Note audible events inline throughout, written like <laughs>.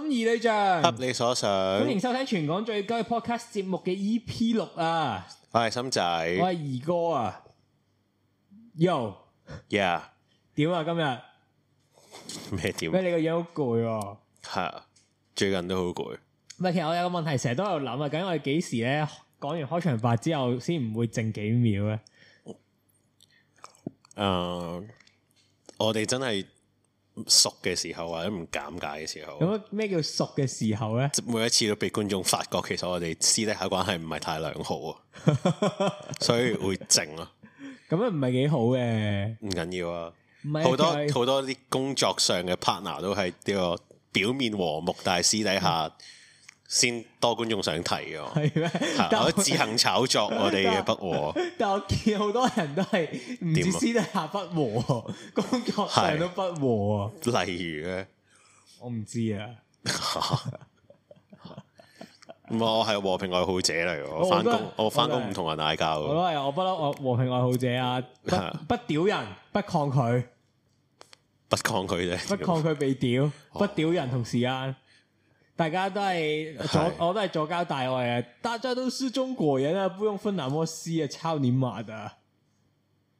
心怡女將，合你所想。歡迎收聽全港最高 podcast 節目嘅 EP 六啊！我係心仔，我係二哥啊！Yo，Yeah，點啊今日咩點？咩你個樣好攰、啊？係 <laughs> 最近都好攰。唔係，其實我有個問題，成日都有諗啊，究竟我哋幾時咧講完開場白之後，先唔會剩幾秒咧？誒、uh,，我哋真係。熟嘅時候或者唔尷尬嘅時候，咁咩叫熟嘅時候呢？每一次都俾觀眾發覺，其實我哋私底下關係唔係太良好啊， <laughs> <laughs> 所以會靜咯。咁樣唔係幾好嘅。唔緊、嗯、要，緊要啊，好多好是多啲工作上嘅 partner 都係呢個表面和睦，但係私底下。先多觀眾想睇喎，係咩？我自行炒作我哋嘅不和。但我見好多人都係唔止私底下不和，工作上都不和。例如咧，我唔知啊。我係和平愛好者嚟嘅，我翻工我翻工唔同人嗌交。我係我不嬲，我和平愛好者啊，不不屌人，不抗拒，不抗拒啫，不抗拒被屌，不屌人同時間。大家都係左我都係左交大愛啊！大家都是中國人啊，不用分那麼細啊！抄你媽的，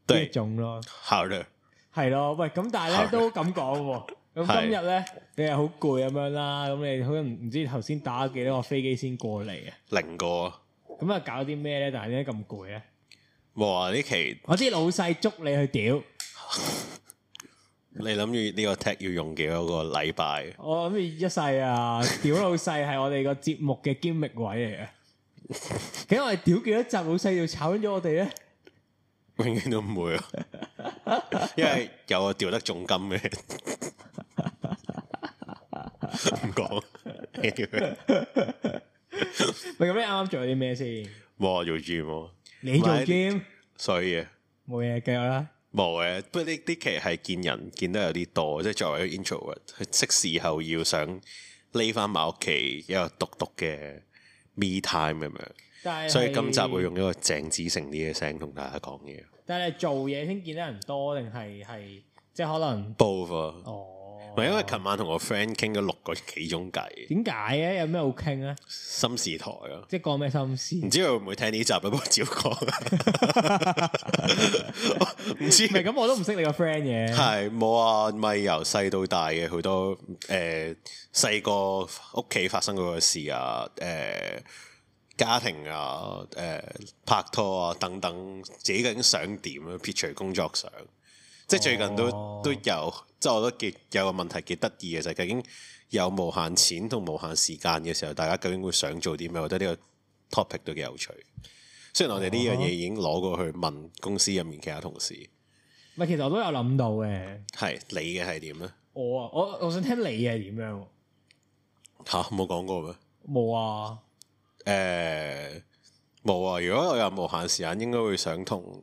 呢種咯，係咯，係咯，喂，咁但係咧都咁講喎。咁今日咧你係好攰咁樣啦，咁你好唔唔知頭先打咗幾多個飛機先過嚟啊？零個，咁啊搞啲咩咧？但係點解咁攰咧？哇！呢期我啲老細捉你去屌。你諗住呢個 tech 要用幾多個禮拜？我諗住一世啊！屌老細係我哋個節目嘅 gimmick 位嚟嘅，點解我哋屌幾多集老細要炒咗我哋咧？永遠都唔會，因為有我屌得重金嘅。唔講。咁你啱啱做咗啲咩先？我做 gym，你做 gym，所以冇嘢，繼續啦。冇嘅，不過呢期係見人見得有啲多，即係作為一個 introvert，識時候要想匿翻埋屋企一個獨獨嘅 me time 咁樣。是。但係所以今集會用一個鄭子誠啲嘅聲同大家講嘢。但係你做嘢先見得人多，定係係即係可能？Both of. 哦。咪因為琴晚同我 friend 傾咗六個幾鐘偈。點解啊？有咩好傾咧？心事台咯，即係講咩心事？唔知佢會唔會聽呢集啊？不過照講，唔知咪咁我都唔識你個 friend 嘅。係冇啊，咪由細到大嘅好多誒，細個屋企發生過嘅事啊，誒家庭啊，誒拍拖啊等等，自己究竟想點啊？撇除工作上。即係最近都、哦、都有，即係我覺得幾有個問題幾得意嘅就係、係、究竟有無限錢同無限時間嘅時候，大家究竟會想做啲咩？我覺得呢個 topic 都幾有趣。雖然我哋呢樣嘢已經攞過去問公司入面其他同事。唔係、哦，其實我都有諗到嘅。係你嘅係點咧？我啊，我我想聽你嘅係點樣吓，冇講過咩？冇啊。誒、欸，冇啊。如果我有無限時間，應該會想同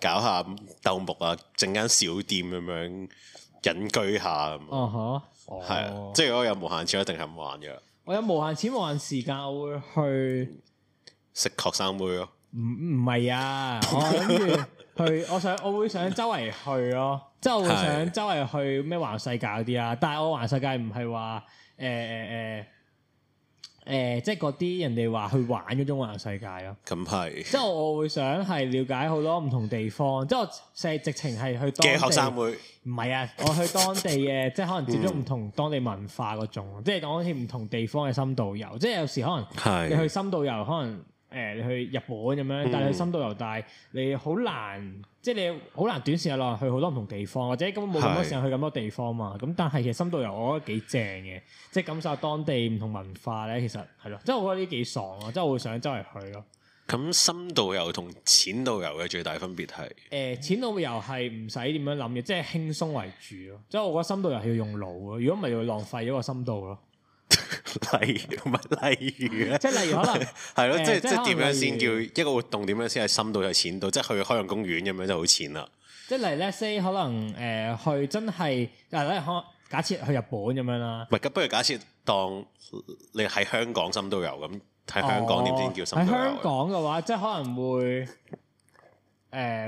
搞下鬥木啊，整間小店咁樣隱居下，哦、uh，吓、huh. 的？係啊，即係如果有無限錢一定係唔玩嘅。我有無限錢無限時間，我會去食學生妹咯。唔唔係啊， <laughs> 我諗住去，我想我會想周圍去咯，即係我會想周圍去咩環 <laughs> 世界嗰啲啊。但係我環世界唔係話誒誒。呃呃呃誒、呃，即係嗰啲人哋話去玩嘅環遊世界咯。咁係是，即係我會想係了解好多唔同地方，即係直情係去當地學生會。唔係啊，我去當地嘅， <laughs> 即係可能接觸唔同當地文化嗰種，嗯、即係講好似唔同地方嘅深度遊。即係有時可能是的 你去深度遊，可能。誒，你去日本咁樣，但係去深度遊，嗯、但係你好難，即係你好難短時間落去好多唔同地方，或者根本冇咁多時間去咁多地方嘛。咁，係，但係其實深度遊，我覺得幾正嘅，即係感受當地唔同文化咧。其實係咯，即係我覺得呢幾爽咯，即我會想周圍去咯。咁深度遊同淺度遊嘅最大分別係誒，淺度遊係唔使點樣諗嘅，即係輕鬆為主咯。即係我覺得深度遊係要用腦咯，如果唔係，要浪費咗個深度咯。 <laughs> 例如乜？例如咧，即係 <laughs> 例如可能係咯，即係即係點樣先叫一個活動？點樣先係深度有淺度？即、就、係、是、去海洋公園咁樣就好淺啦。即係例如 say 可能誒、呃、去真係，誒咧可假設去日本咁樣啦。係咁，不如假設當你喺香港深度遊咁，喺香港點先叫深都喺、哦、香港嘅話，即係可能會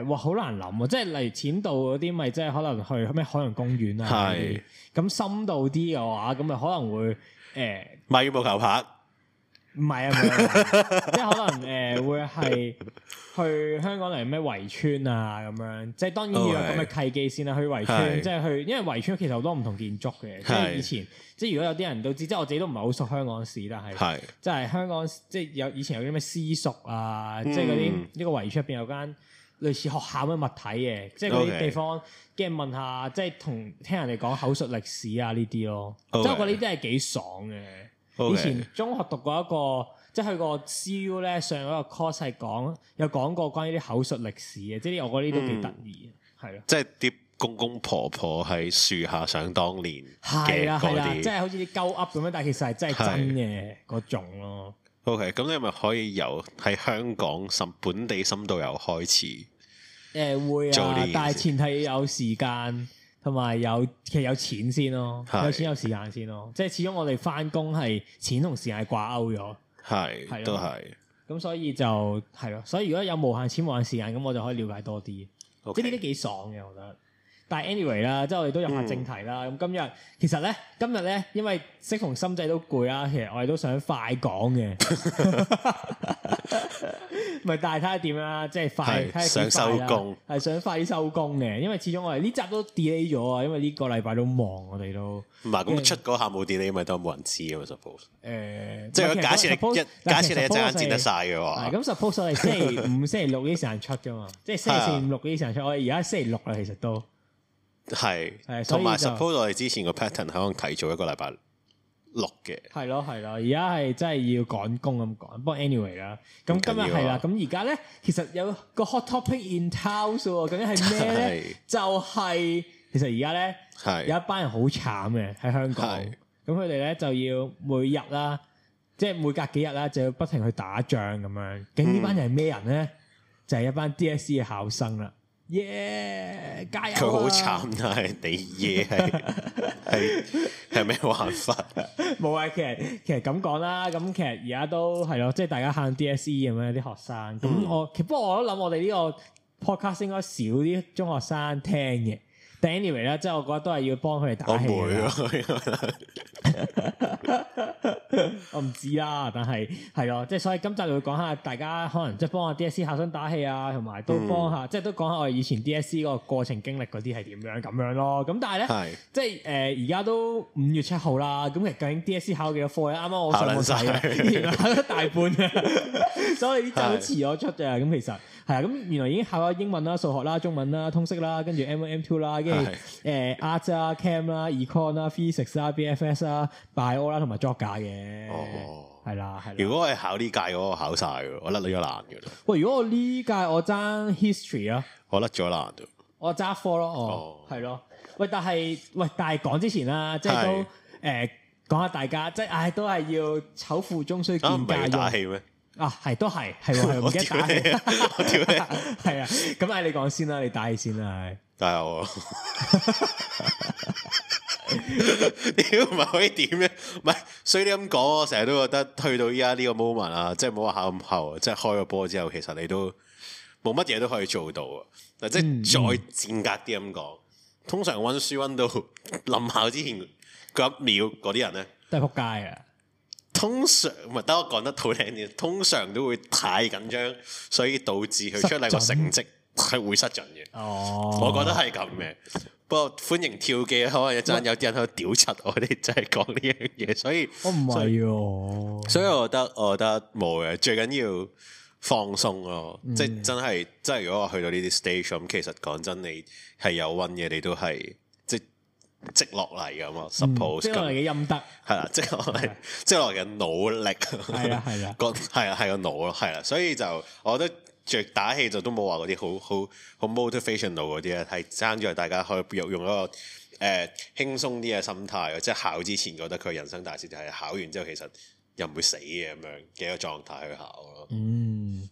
誒，哇，好難諗啊！即係例如淺度嗰啲，咪即係可能去咩海洋公園啊？係咁，深度啲嘅話，咁咪可能會。呃的的誒，欸、買羽毛球拍？唔係啊， <laughs> 即係可能誒、欸，會係去香港嚟咩圍村啊咁樣，即係當然要有咁嘅契機先啦。Oh、去圍村即係是去，因爲圍村其實好多唔同建築嘅，是即係以前，即係如果有啲人都知，即係我自己都唔係好熟香港史，啦，係是，即係香港即係有以前有啲咩私塾啊，嗯、即係嗰啲呢個圍村入邊有間。類似學校嘅物體嘅，即係嗰啲地方，跟住 Okay 問下，即係同聽人哋講口述歷史啊呢啲咯。即係 Okay 我覺得呢啲係幾爽嘅。Okay 以前中學讀過一個，即係去個 CU 咧上嗰個 course 係講有講過關於啲口述歷史嘅，即係我覺得呢都幾得意嘅，係咯。即係啲公公婆婆喺樹下想當年嘅嗰啲，即係好似啲鳩噏咁樣，但係其實係真係真嘅嗰種咯。O.K. 咁你係咪可以由喺香港深本地深度遊開始，欸。誒會啊，做但係前提要有時間同埋有其實有錢先咯，係有錢有時間先咯。即係始終我哋翻工係錢同時間係掛鈎咗。係係都係。咁所以就係咯、啊，所以如果有無限錢無限時間，咁我就可以了解多啲。Okay. 即呢啲幾爽嘅，我覺得。但 anyway 啦，即係我哋都入下正題啦。咁今日其實咧，今日咧，因為適逢心仔都攰啦，其實我哋都想快講嘅，咪睇下點啦，即係快想收工。係想快啲收工嘅，因為始終我哋呢集都 delay 咗啊，因為呢個禮拜都忙，我哋都唔係咁出嗰下冇 delay，因為都冇人知啊。Suppose 誒，即係假設你一假設你一陣間剪得曬嘅話，咁 suppose 我哋星期五、星期六啲時間出㗎嘛，即係星期四、五、六啲時間出。我哋而家星期六啦，其實都。係，同埋 suppose 我哋之前個 pattern 可能提早一個禮拜六嘅。係咯，係咯，而家係真係要趕工咁趕。Anyway，不過 anyway 啦，咁今日係啦，咁而家咧，其實有個 hot topic in town 喎，究竟係咩咧？的就係、是、其實而家咧，的有一班人好慘嘅喺香港，咁佢哋咧就要每日啦，即、就、係、是、每隔幾日啦，就要不停去打仗咁樣。咁呢班人係咩人咧？嗯、就係一班 DSE 嘅考生啦。耶！Yeah, 加油、啊！佢好慘啊，你耶係係咩玩法、啊？冇啊，其實其實咁講啦，咁其實而家都係咯，即、就、係、是、大家喊 DSE 咁樣啲學生，咁我其實、嗯、不過我都諗我哋呢個 podcast 應該少啲中學生聽嘅。Anyway 啦，即係我覺得都係要幫佢哋打氣。 <laughs> <laughs> 我唔知啦，但係係咯，即係所以今集就會講下，大家可能即係幫下 DSE 考生打氣啊，同埋都幫下，嗯、即係都講下我哋以前 DSE 個過程經歷嗰啲係點樣咁樣咯。咁但係咧，是的 即係誒而家都五月七號啦。咁其實究竟 DSE 考幾多科咧？啱啱我上網睇，考咗 <laughs> 大半 <laughs> <laughs> 所以就遲咗出嘅。咁的其實。係啊咁，原來已經考咗英文啦、數學啦、中文啦、通識啦，跟住 M1、MM、M2 啦是的、呃，跟住誒 Art 啦、e、Chem 啦、哦、Econ 啦、Physics 啦、BFS 啦、Bio 啦，同埋作假嘅。哦，係啦，係。如果我考呢屆，我考晒嘅，我甩咗難嘅。喂，如果我呢屆我爭 History 啊，我甩咗難。我揸科咯，哦，係咯。喂，但係喂，但係講之前啦，即係都誒的、呃、講下大家，即係唉、哎，都係要醜婦終須見底打氣啊，係都係，係係唔記得打氣、啊，我調係啊，咁 <laughs> 啊你講先啦，你打你先啦，係加油，屌唔係可以點咧？唔係，所以你咁講，我成日都覺得，去到依家呢個 moment 啊，即係唔好話下咁後，即係開個波之後，其實你都冇乜嘢都可以做到啊。嗱，即係再賤格啲咁講，嗯、通常温書温到臨考之前嗰一秒嗰啲人咧，都係撲街啊！通常唔係得我講得好聽嘅，通常都會太緊張，所以導致佢出嚟個成績係陣會失準嘅。哦、我覺得係咁嘅，不過歡迎跳機，可能一陣有啲人喺度屌柒我哋，真係講呢樣嘢，所以我唔係哦，哦所。所以我覺得我覺得冇嘅，最緊要放鬆咯。即係真係，真係如果我去到呢啲 stage 咁，其實講真，你係有溫嘅，你都係。積落嚟噶嘛？suppose 積落嚟嘅陰德係啦，積落嚟，積落嚟嘅努力係啊，係 <laughs> 啦，係啊係個腦咯係啦，所以就我覺得着打氣就都冇話嗰啲好好好 motivational 嗰啲啊，係爭咗大家可以用，用一個誒輕鬆啲嘅心態，即、就、係、是、考之前覺得佢人生大事，就係、是、考完之後其實又唔會死嘅咁樣嘅一個狀態去考咯。嗯，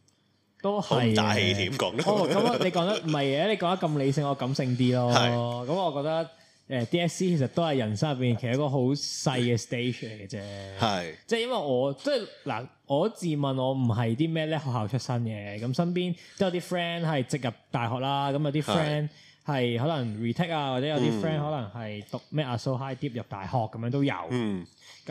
都係打氣點講？咁、哦、你講得唔係嘅，你講得咁理性，我感性啲咯。係， <laughs> 咁我覺得。誒、uh, DSE 其實都係人生入邊其實一個好細嘅 stage 嚟嘅啫，係即係因為我即係嗱，我自問我唔係啲咩叻學校出身嘅，咁身邊都有啲 friend 係直入大學啦，咁有啲 friend 係可能 retake 啊，或者有啲 friend 可能係讀咩阿 so high deep 入大學咁樣都有，咁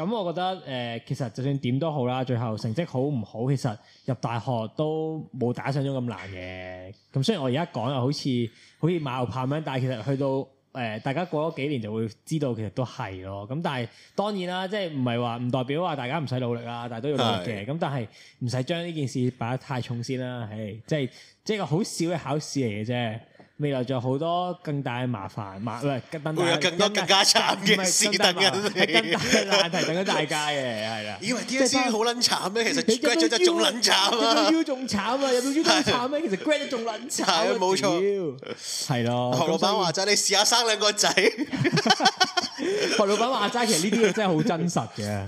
<laughs> 我覺得誒、呃、其實就算點都好啦，最後成績好唔好，其實入大學都冇打上咗咁難嘅，咁雖然我而家講又好似好似馬後炮咁，但係其實去到。誒，大家過咗幾年就會知道其實都係咯，咁但係當然啦，即係唔係話唔代表話大家唔使努力啦，但係都要努力嘅，咁是的 但係唔使將呢件事擺得太重先啦，誒，即係即係個好少嘅考試嚟嘅啫。未來仲有好多更大嘅麻煩，麻係會有更多更加慘嘅事更加嘅難題等緊大家嘅係啦。以為啲生好撚慘咩？其實 grad 就就仲撚慘啊！有冇 u 仲慘啊？有冇 u 撚慘咩？其實 grad 就仲撚慘啊！冇錯，係咯。何老闆話齋，你試下生兩個仔。何老闆話齋，其實呢啲嘢真係好真實嘅。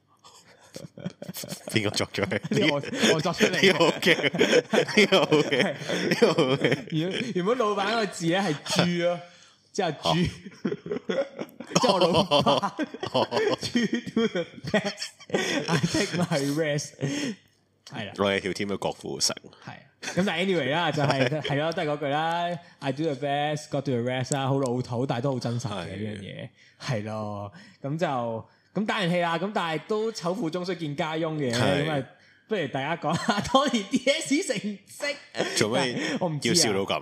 邊個作咗？我我作出嚟。O K，O K，O K。原原本老闆個字咧係豬咯，即係豬，即係我老闆，豬 do the best。I take my rest。係啦，我係條天嘅郭富城。係。咁但係 anyway 啦，就係係咯，都係嗰句啦。I do the best，got to rest 啦，好老土，但係都好真實嘅呢樣嘢。係咯，咁就。咁打完氣啦，咁但係都醜婦終須見家翁嘅，咁啊不如大家講下當年 D S 成績。做咩？我唔知啊。笑到咁，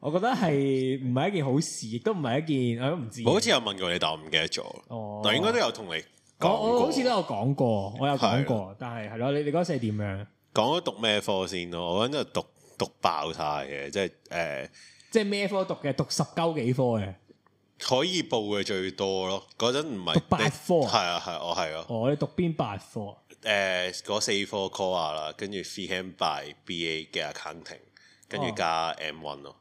我覺得係唔係一件好事，亦都唔係一件，我都唔知。我好似有問過你，但係我唔記得咗。哦，但係應該都有同你講。我好似都有講過，我有講過，但係係咯，你你嗰時係點樣？講咗讀咩科先咯？我嗰陣就讀讀爆晒嘅，即係誒，即係咩科讀嘅？讀十鳩幾科嘅。可以報嘅最多咯嗰陣唔係讀八科係啊係啊我係啊我哋讀邊八科誒四科 call 下啦跟住 Phy Chem Bio BA 嘅 accounting 跟住加 m one 咯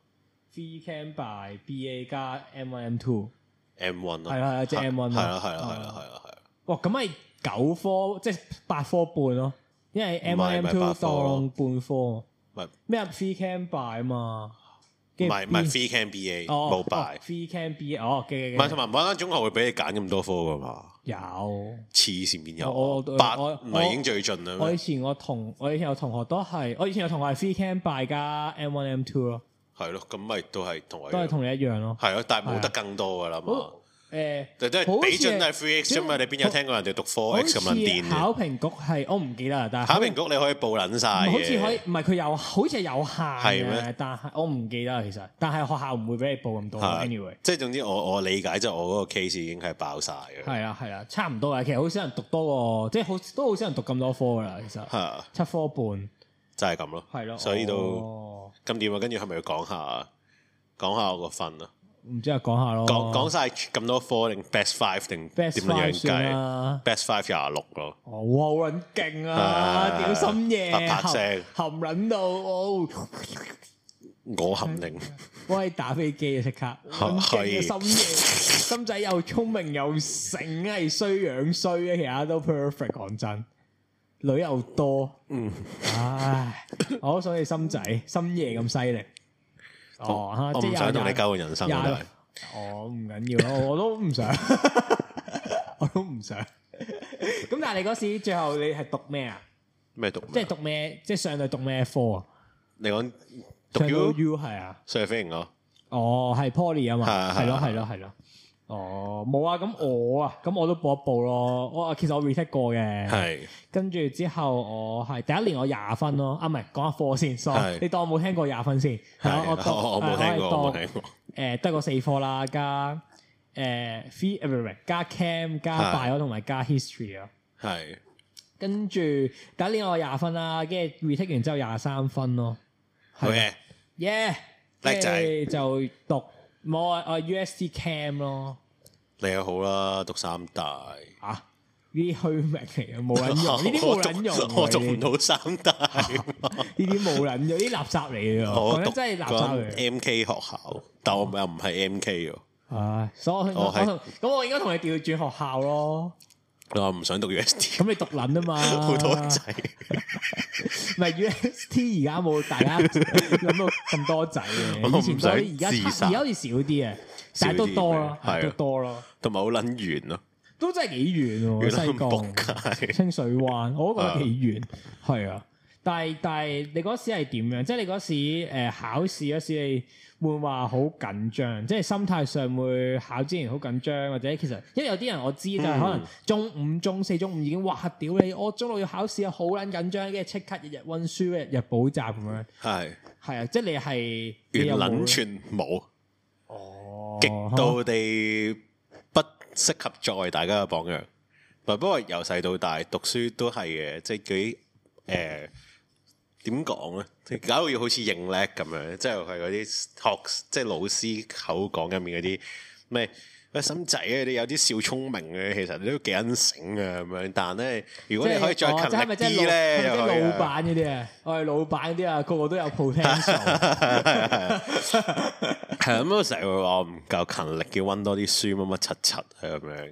Phy Chem Bio BA 加 m one m two m one 咯係啊係啊即係 m one 係啊係啊係啊係啊係啊係啊哇咁咪九科即係八科半咯因為 m one m two 當半科係咩啊 Phy Chem Bio 啊嘛唔係唔係 Phy Chem BA，冇 Bio。Phy Chem B 哦，唔係同埋唔係間間中學會俾你揀咁多科㗎嘛？有黐線邊有？八、啊、我唔係 8, 已經最盡啦。我以前我同我以前有同學都係，我以前有同學係 Phy Chem Bio 加 M one M two 咯。係咯，咁咪都係同我，都係同你一樣咯。係咯，但係冇得更多㗎喇嘛。誒，都係比准都係 three x 啫嘛，你邊有聽過人哋讀 four x 咁問癲嘅？好似考評局係，我唔記得啦。但考評局你可以報捻晒好似可以，唔係佢有好似係有限嘅，但係我唔記得其實。但係學校唔會俾你報咁多，anyway。即係總之，我我理解即係我嗰個 case 已經係爆晒嘅。係啊係啊，差唔多啊。其實好少人讀多，即係好都好少人讀咁多科噶啦。其實七科半就係咁咯。係咯，所以都咁掂啊。跟住係咪要講下講下我個分啊？唔知啊，講下咯。講講晒咁多科，定 best five 定點樣樣計？best five 廿六咯。哦，撚勁啊！屌深夜啪啪聲，含撚到，我含撚。喂打飛機啊！即刻含撚深夜，心仔又聰明又醒，係衰樣衰啊！其他都 perfect，講真。女又多，嗯，唉，我所以心仔深夜咁犀利。哦，唔想同你交換人生就係，哦唔緊要咯，我都唔想，我都唔想。咁但係你嗰時最後你係讀咩啊？咩讀？即係讀咩？即係上嚟讀咩科啊？你講，U 係啊？商業飛行咯。哦，係 Poly 啊嘛，係咯係咯係咯。哦，冇啊！咁我啊，咁我都播一播咯。我其實我 retake 過嘅，跟住之後我係第一年我廿分咯。啊，唔係講下科先，你當我冇聽過廿分先。我我冇聽過，冇聽過誒，得個四科啦，加誒，three 誒唔係加 cam 加 bio 同埋加 history 咯。係。跟住第一年我廿分啦，跟住 retake 完之後廿三分咯。好嘅耶！即係就讀。冇啊！我 U S T Cam 咯，你又好啦，讀三大啊，呢啲虛名嚟嘅，冇人用，呢啲冇人用， <laughs> 我做唔到三大，呢啲冇人用，啲垃圾嚟嘅， <laughs> 我讀真係垃圾嘅。M K 學校， <laughs> 但我又唔係 M K 喎，唉、啊，所以我咁是我，我應該同你調轉學校咯。我唔想讀 UST 咁你讀捻啊嘛，好多仔。唔係 UST 而家冇大家咁咁多仔，咁我唔想。而家而家好似少啲啊，但係都多咯，都多咯。同埋好捻遠咯，都真係幾遠喎。西貢、清水灣，我都覺得幾遠。係啊，但係但係你嗰時係點樣？即係你嗰時誒考試嗰時你。會話好緊張，即係心態上會考之前好緊張，或者其實，因為有啲人我知就係可能中五、中四、中五已經，哇！屌你，我中六要考試啊，好撚緊張，跟住即刻日日温書、日日補習咁樣。係係啊，即係你係完原 全冇，哦，極度地不適合作為大家嘅榜樣。不過由細到大讀書都係嘅，即係幾誒。呃點講咧？搞到要好似認叻咁樣，即係嗰啲學即係老師口講入面嗰啲咩咩新仔啊，你有啲小聰明嘅，其實你都幾撚醒啊咁樣。但係咧，如果你可以再勤力啲咧、哦，即係咪即係老闆嗰啲啊？我係老闆嗰啲啊，哎、個個都有 potential。係啊係啊係啊！係咁啊，成日會話唔夠勤力，要温多啲書乜乜柒柒。係咁樣。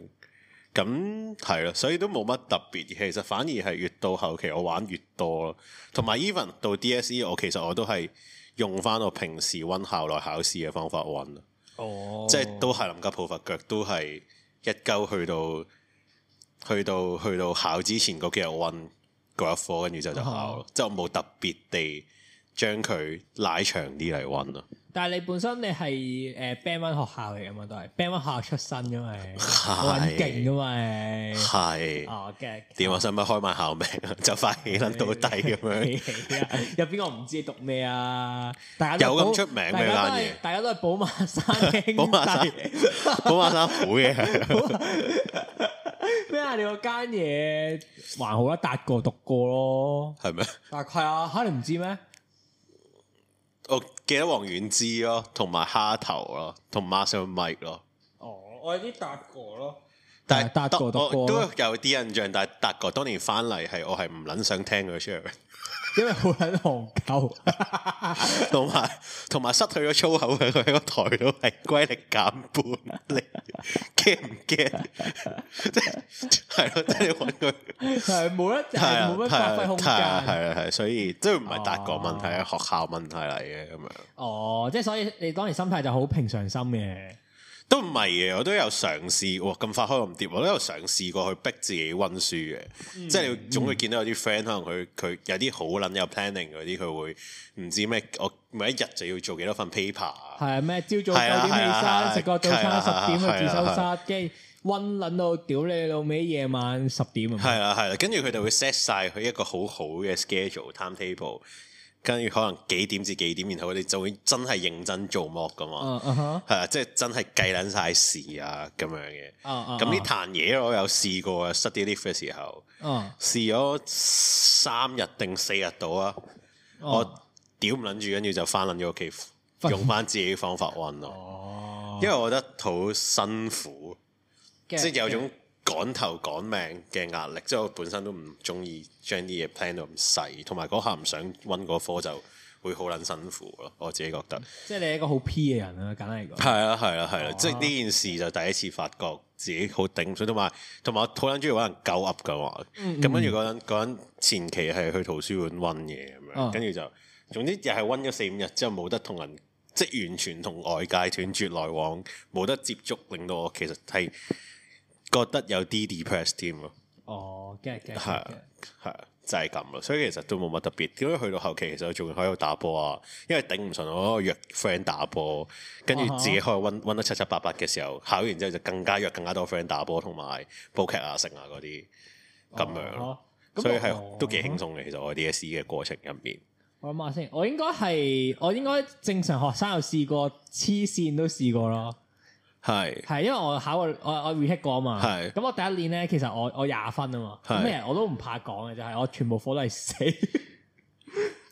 咁係咯，所以都冇乜特別，其實反而係越到後期我玩越多咯。同埋 even 到 DSE 我其實我都係用返我平時温校內考試嘅方法温咯。哦，oh。即係都係臨急抱佛腳，都係一鳩去到去到去到，去到考之前嗰幾日温嗰一科，跟住之後就考咯。Oh。即我冇特別地將佢拉長啲嚟温咯。但係你本身你係誒 band one 學校嚟噶嘛？都係 band one 學校出身，因是 嘛，好勁啊嘛。係。哦嘅點啊？使唔使開埋校名？就發起撚到，到底咁樣 <laughs> 你、嗯。有邊個唔知讀咩啊？大家有咁出名咩？大嘢大家都係寶馬山三兄， <laughs> 寶馬山，寶馬山妹。咩 <laughs> 啊？你、那個間嘢還好啦，達哥讀過咯，係咩嗎？大概啊嚇？你唔知咩？我記得王菀之咯，同埋蝦頭咯，同馬上咪咯。哦，我有啲搭過咯。但係達、嗯、哥，哥，Definitely 我都有啲印象，但係達哥當年翻嚟係我係唔捻想聽個 show 嘅，Sh 哈哈，因為我喺學教，同埋同埋失去咗粗口佢喺個台度係威力減半，你驚唔驚？即係係咯，即係揾佢係冇一係冇乜發揮空間，係啦係，所以都唔係達哥問題啊，學校問題嚟嘅咁樣。哦，即係所以你當時心態就好平常心嘅。都唔係嘅，我都有嘗試。哇，咁快開咁跌，我都有嘗試過去逼自己温書嘅。嗯、即係你總會見到有啲 friend，可能佢佢有啲好撚有 planning 嗰啲，佢會唔知咩？我每一日就要做幾多份 paper。係啊，咩？朝早九點起身，食個早餐，十點、啊啊、去自修室，温撚、啊啊啊、到屌你老味，夜晚十點。係啊，係啊,啊，跟住佢就會 set 晒佢一個好好嘅 schedule time table。嗯跟住可能幾點至幾點，然後你就會真係認真做乜㗎嘛？嗯、uh huh. 啊，即係真係計撚晒事啊咁樣嘅。咁呢、uh uh uh. 壇嘢我有試過啊，study leave 嘅時候，嗯、uh，uh uh. 試咗三日定四日到啊，uh uh uh. 我屌唔撚住，跟住就翻撚咗屋企，用翻自己方法溫咯。Uh uh uh. 因為我覺得好辛苦，uh uh uh. 即係有種。趕頭趕命嘅壓力，即係我本身都唔中意將啲嘢 plan 到咁細，同埋嗰下唔想溫嗰科就會好撚辛苦咯。我自己覺得，嗯、即係你係一個好 P 嘅人，嗯、人啊，簡單嚟講。係啊，係啊，係啦，哦、即係呢件事就第一次發覺自己好頂，所以同埋同埋我好撚中意揾人救 up 嘅喎。咁、嗯、跟住嗰陣前期係去圖書館溫嘢咁樣，嗯、跟住就總之又係溫咗四五日之後冇得同人，即係完全同外界斷絕來往，冇得接觸，令到我其實係。 <laughs> 覺得有啲 depressed 添咯，哦，get，get，係，係，就係咁咯。所以其實都冇乜特別。點解去到後期，其實我仲喺度打波啊。因為頂唔順，我、oh. 哦、約 friend 打波，跟住自己開温温得七七八八嘅時候，考完之後就更加約更加多 friend 打波，同埋煲劇啊、食啊嗰啲咁樣咯。樣 oh. 所以係、oh. 都幾輕鬆嘅。其實我 DSE 嘅過程入面，oh. 我諗下先，我應該係我應該正常學生又試過，黐線都試過咯。係，係因為我考過我我 repeat 過啊嘛，咁係我第一年咧，其實我我廿分啊嘛，咁係其實我都唔怕講嘅，就係我全部科都係四，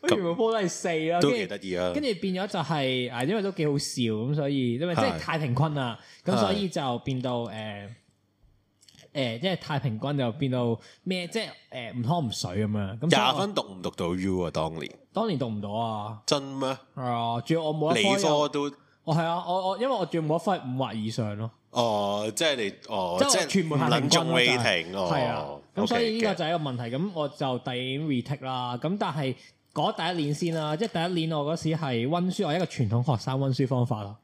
全部科都係四啦，都幾得意啊，跟住變咗就係、是、誒，因為都幾好笑咁，所以因為即係太平均啦，咁係所以就變到誒誒，即、呃、係、呃就係、太平均就變到咩，即係誒唔湯唔水咁樣，咁廿分讀唔讀到 U 啊？當年，當年讀唔到啊？真咩？係啊，主要我冇理科都。哦，係啊，oh, so oh,，我我因為我仲要攞翻五或以上咯。哦，即係你哦，即係全部係唔停嘅？係啊，咁所以呢個就係一個問題。咁我就點 retake 啦。咁但係嗰第一年先啦，即係第一年我嗰時係温書，我一個傳統學生温書方法咯。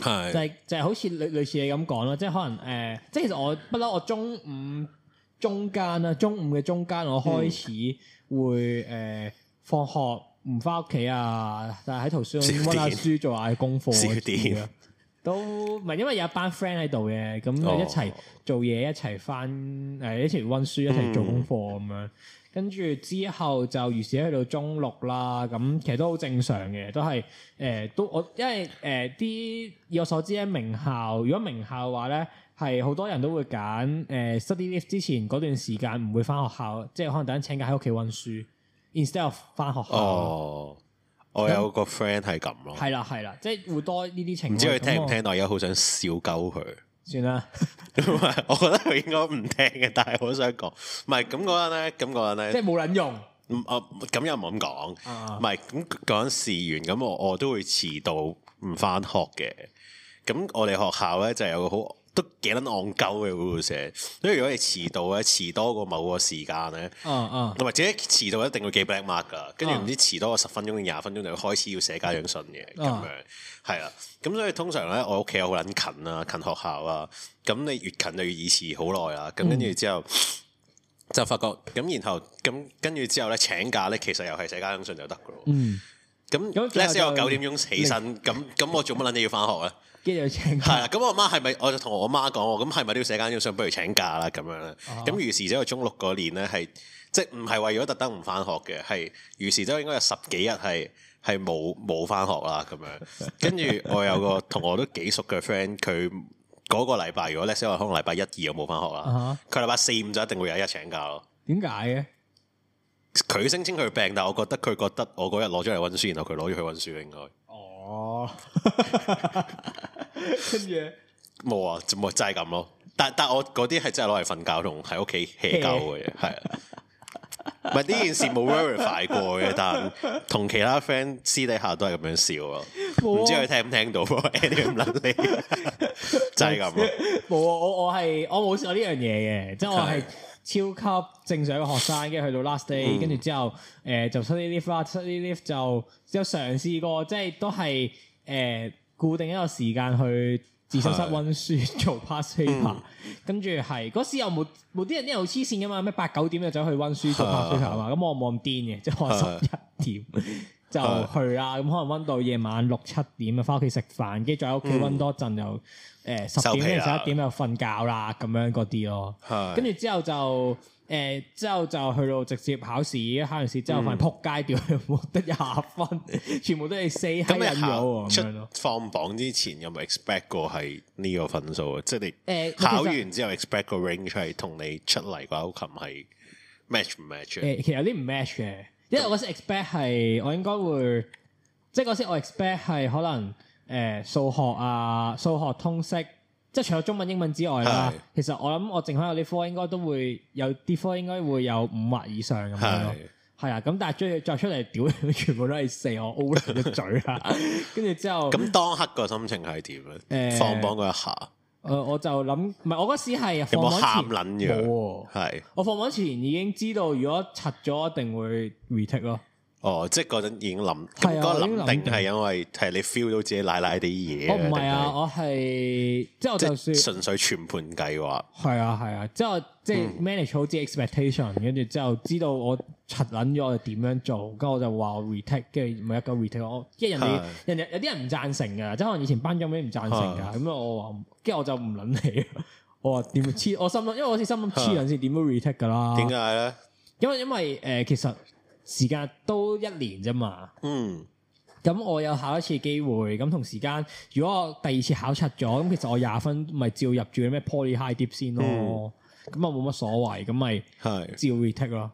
係。就係就係好似類類似你咁講咯，即係可能誒，即係其實我不嬲，我中午中間啦，中午嘅中間我開始會誒放學，唔翻屋企啊！但係喺圖書館溫下書，做下功課。少電，少電都唔係，因為有一班 friend 喺度嘅，咁一齊做嘢，一齊翻誒，一齊溫書，一齊做功課咁、嗯、樣。跟住之後就如是去到中六啦，咁其實都好正常嘅，都係誒、呃，都我因為誒啲、呃、以我所知咧，名校如果名校嘅話咧，係好多人都會揀誒，study leave 之前嗰段時間唔會翻學校，即係可能等陣請假喺屋企温書。instead 翻學校，oh, 嗯、我有個 friend 係咁咯，係啦係啦，即係會多呢啲情況。唔知佢聽唔我聽，到，而家好想笑鳩佢。算啦了， <laughs> <laughs> 我覺得佢應該唔聽嘅，但係好想講，唔係咁嗰陣咧，咁嗰陣咧，那個、呢即係冇撚用。唔、嗯、啊咁又唔好咁講，唔係咁嗰陣試完咁我我都會遲到唔翻學嘅。咁我哋學校咧就係、有個好。都幾撚戇鳩嘅會寫，因為如果你遲到咧，遲多過某個時間咧，嗯嗯、啊，同、啊、埋自己遲到一定會記 black mark 噶，跟住唔知遲多過十分鐘定廿分鐘就開始要寫家長信嘅咁、啊、樣，係啊。咁所以通常咧我屋企好撚近啊，近學校啊，咁你越近就要越遲好耐啊。咁跟住之後就發覺咁，然後咁跟住之後咧請假咧，其實又係寫家長信就得噶咯，咁、嗯，即使、就是、我九點鐘起身，咁咁你 <laughs> 我做乜撚都要翻學啊？係啦，咁我媽係咪我就同我媽講，我咁係咪都要社間要上，不如請假啦咁樣啦。咁、uh huh. 於是者，我中六嗰年咧，係即係唔係為咗特登唔翻學嘅，係如是者後應該有十幾日係係冇冇翻學啦咁樣。跟住我有個同我都幾熟嘅 friend，佢嗰個禮拜如果 lesson,、uh huh. 可能禮拜一二就冇翻學啦。佢、uh huh. 禮拜四五就一定會有一日請假咯。點解嘅？佢聲稱佢病，但係我覺得佢覺得我嗰日攞咗嚟温書，然後佢攞咗去温書應該書。哦，跟住冇啊，冇真係咁咯。但但我嗰啲係真係攞嚟瞓覺同喺屋企 hea 覺嘅，係啊。唔係呢件事冇 verify 過嘅，但同其他 friend 私底下都係咁樣笑啊。唔知佢聽唔聽到？anyway，真係咁。冇，我我係我冇試過呢樣嘢嘅，即係我係。超級正常嘅學生，跟住去到 last day，跟住之後誒就出啲 study leave 啦，出啲 study leave 就有嘗試過，即係都係誒固定一個時間去自修室溫書做 past paper。跟住係嗰時又冇冇啲人啲好黐線㗎嘛？咩八九點就走去溫書做 past paper 啊？咁我冇咁癲嘅，即係我十一點就去啊。咁可能溫到夜晚六七點啊，翻屋企食飯，跟住再喺屋企溫多陣又。誒，十、欸、點十一點就瞓覺啦，咁樣嗰啲咯。是的 跟住之後就，誒、欸，之後就去到直接考試，考完試之後翻扑街，掉冇、嗯、 <laughs> 得廿分，全部都係四。今日有出放榜之前有冇 expect 過係呢個分數啊？欸、即係是你，誒，考完之後實 expect 個 range 係同你出嚟個考勤係 match 唔 match？誒、欸，其實有啲唔 match 嘅，因為嗰時 expect 係我應該會，即係嗰時我 expect 係可能。誒，數學啊，數學通識，即係除咗中文、英文之外啦。是的 其實我諗，我淨係有啲科應該都會有啲科應該會有五或以上咁樣咯。係啊是的，咁但係再再出嚟，表， <laughs> 全部都係四我 O 兩嘅嘴啦。跟住 <laughs> 之後，咁當刻個心情係點咧？呃、放榜嗰一下，誒、呃，我就諗，唔係我嗰時係放榜前冇，係我放榜前已經知道如果柒咗，一定會 retake 咯。哦，即係嗰陣已經諗，不過諗定係因為係你 feel 到自己奶奶啲嘢。我唔係啊，我係即係我就純粹全盤計劃。係啊係啊，即係即係 manage 好自己 expectation，跟住之後知道我柒捻咗，我哋點樣做？跟住我就話我 retake，跟住咪一嚿 retake。我跟住人哋人哋有啲人唔贊成噶，即係可能以前班友咩唔贊成噶，咁樣我話，跟住我就唔捻你。我話點黐我心，因為我似心諗黐人，先點樣 retake 噶啦。點解咧？因為因為誒，其實。時間都一年啫嘛，嗯，咁我有考一次機會，咁同時間，如果我第二次考察咗，咁其實我廿分咪照入住咩 Poly High Dip 先咯，咁啊冇乜所謂，咁咪照 retake 咯，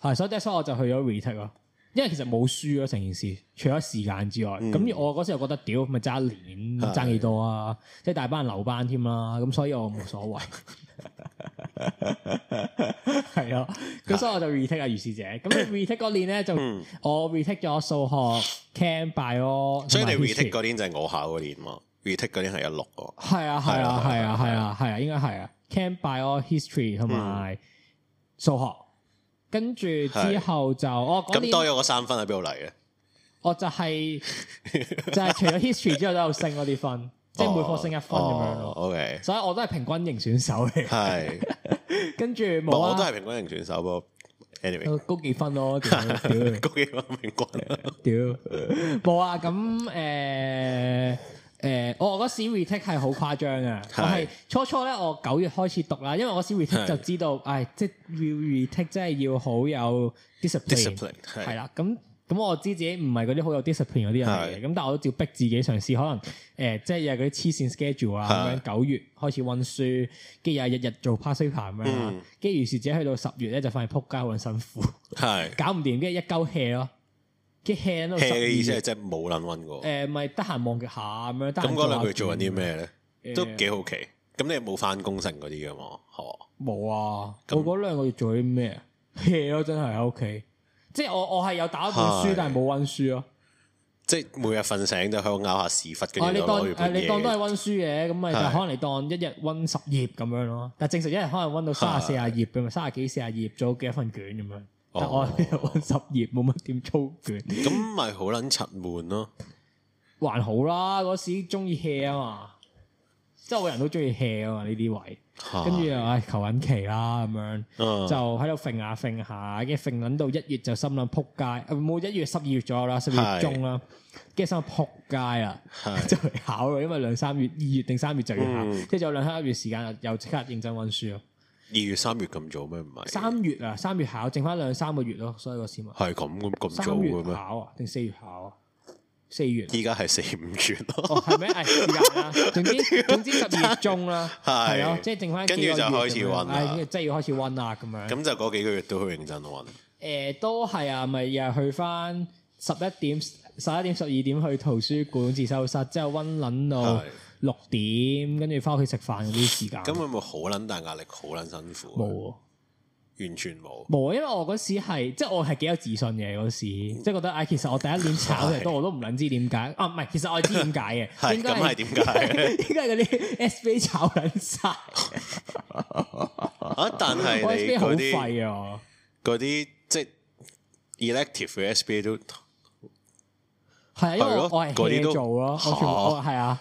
係是，所以 thus 我就去咗 retake 咯。因為其實冇輸咯成件事，除咗時間之外，咁我嗰時又覺得屌，咪爭一年，爭幾多啊？即係大班人留班添啦，咁所以我冇所謂。係啊，咁所以我就 retake 啊，如是者。咁 retake 嗰年咧就我 retake 咗數學、Chem Bio。所以你 retake 嗰年就係我考嗰年嘛？retake 嗰年係一六喎。係啊係啊係啊係啊係啊，應該係啊。Chem Bio history 同埋數學。跟住之後就我嗰年咁多咗個三分喺邊度嚟嘅？我就係就係除咗 history 之外都有升嗰啲分，即係每科升一分咁樣咯。OK，所以我都係平均型選手嚟。係，跟住冇我都係平均型選手噃。Anyway，高幾分咯？屌，高幾分平均？屌，冇啊。咁誒。誒、呃，我嗰次 retake 係好誇張啊是！我係初初咧，我九月開始讀啦，因為我小 retake 就知道，唉是、哎，即係 re re 要 retake 真係要好有 discipline，係 dis 啦。咁咁我知自己唔係嗰啲好有 discipline 嗰啲人嚟嘅，咁是但係我都照逼自己嘗試，可能誒、呃，即係又係嗰啲黐線 schedule 啊，咁樣九月開始溫書，跟住又係日日做 past paper 咁樣啦，跟住於是自己去到十月咧就翻嚟撲街好辛苦，係是是 <laughs> 搞唔掂，跟住一鳩 hea 咯。hea 嘅意思係即係冇諗溫過。誒、欸，咪得閒望佢下咁樣。咁嗰兩個月做緊啲咩咧？都幾好奇。咁你冇翻工成嗰啲噶嘛？係冇啊！我嗰兩個月做啲咩 hea 咯，真係喺屋企。即係我我係有打一本書，是但係冇溫書咯。即係每日瞓醒就喺度咬下屎忽。嘅、啊。你當、啊、你當都係溫書嘅，咁咪是就可能你當一日溫十頁咁樣咯。但正常一日可能溫到三十四十頁，咁啊是三十幾四十頁做幾多份卷咁樣。我我十月冇乜點操卷，咁咪好捻沉悶咯？還好啦，嗰時中意 hea 啊嘛，周圍人都中意 hea 啊嘛，呢啲位，跟住又唉求穩期啦咁樣，就喺度揈下揈下，跟住揈揾到一月就心諗扑街，冇一月十二月左右啦，十二月中啦，跟住心諗扑街啊，就去考啦，因為兩三月二月定三月就要考，即係仲有兩三個月時間，又即刻認真溫書咯。二月三月咁早咩？唔係三月啊，三月考，剩翻兩三個月咯，所以個時間係咁咁早嘅咩？三月考啊，定四月考啊？四月依家係四五月咯，係咩？誒，唔緊啦，總之 <laughs> 總之十二月中啦，係啊 <laughs> 的，即係剩翻跟住就開始溫啦，即係、哎就是、要開始溫啦咁樣。咁、嗯、就嗰幾個月都好認真溫。誒、欸，都係啊，咪日去翻十一點、十一點、十二點去圖書館自修室，之後溫捻到。的六點跟住翻屋企食飯嗰啲時間，咁會唔會好撚大壓力，好撚辛苦？冇，完全冇。冇，因為我嗰時係，即係我係幾有自信嘅嗰時，即係覺得啊，其實我第一年炒嘅多，我都唔撚知點解。啊，唔係，其實我知點解嘅。係咁係點解？應該係嗰啲 SBA 炒緊曬。啊！但係你嗰啲，嗰啲即係 elective 嘅 SBA 都係啊，因為我我係冇嘢做咯，我全部係啊。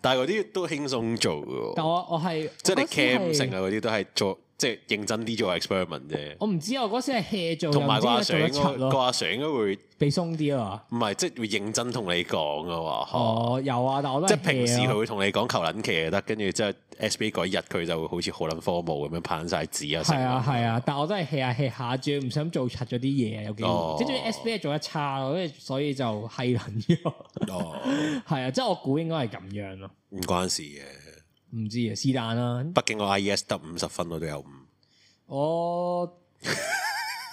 但係嗰啲都輕鬆做嘅喎，但我我係即係你 ca，唔成啊，嗰啲都係做。.即係認真啲做 experiment 啫。我唔知，我嗰時係 hea 做，同埋個阿 Sir 應該個阿 Sir 應該會俾鬆啲啊。唔係，即係會認真同你講噶。哦，有啊，但係我都即係平時佢會同你講求捻其得，跟住即係 SBA 嗰日佢就會好似好捻荒謬咁樣抨晒紙啊。係啊，係啊。但係我都係 hea 下 hea 下，主要唔想做柒咗啲嘢啊，有幾即係 S B 做得差咯，跟住所以就係咁樣。哦，係啊，即係我估應該係咁樣咯。唔關事嘅。唔知啊，是但啦。北京個 IES 得五十分，我都有五。我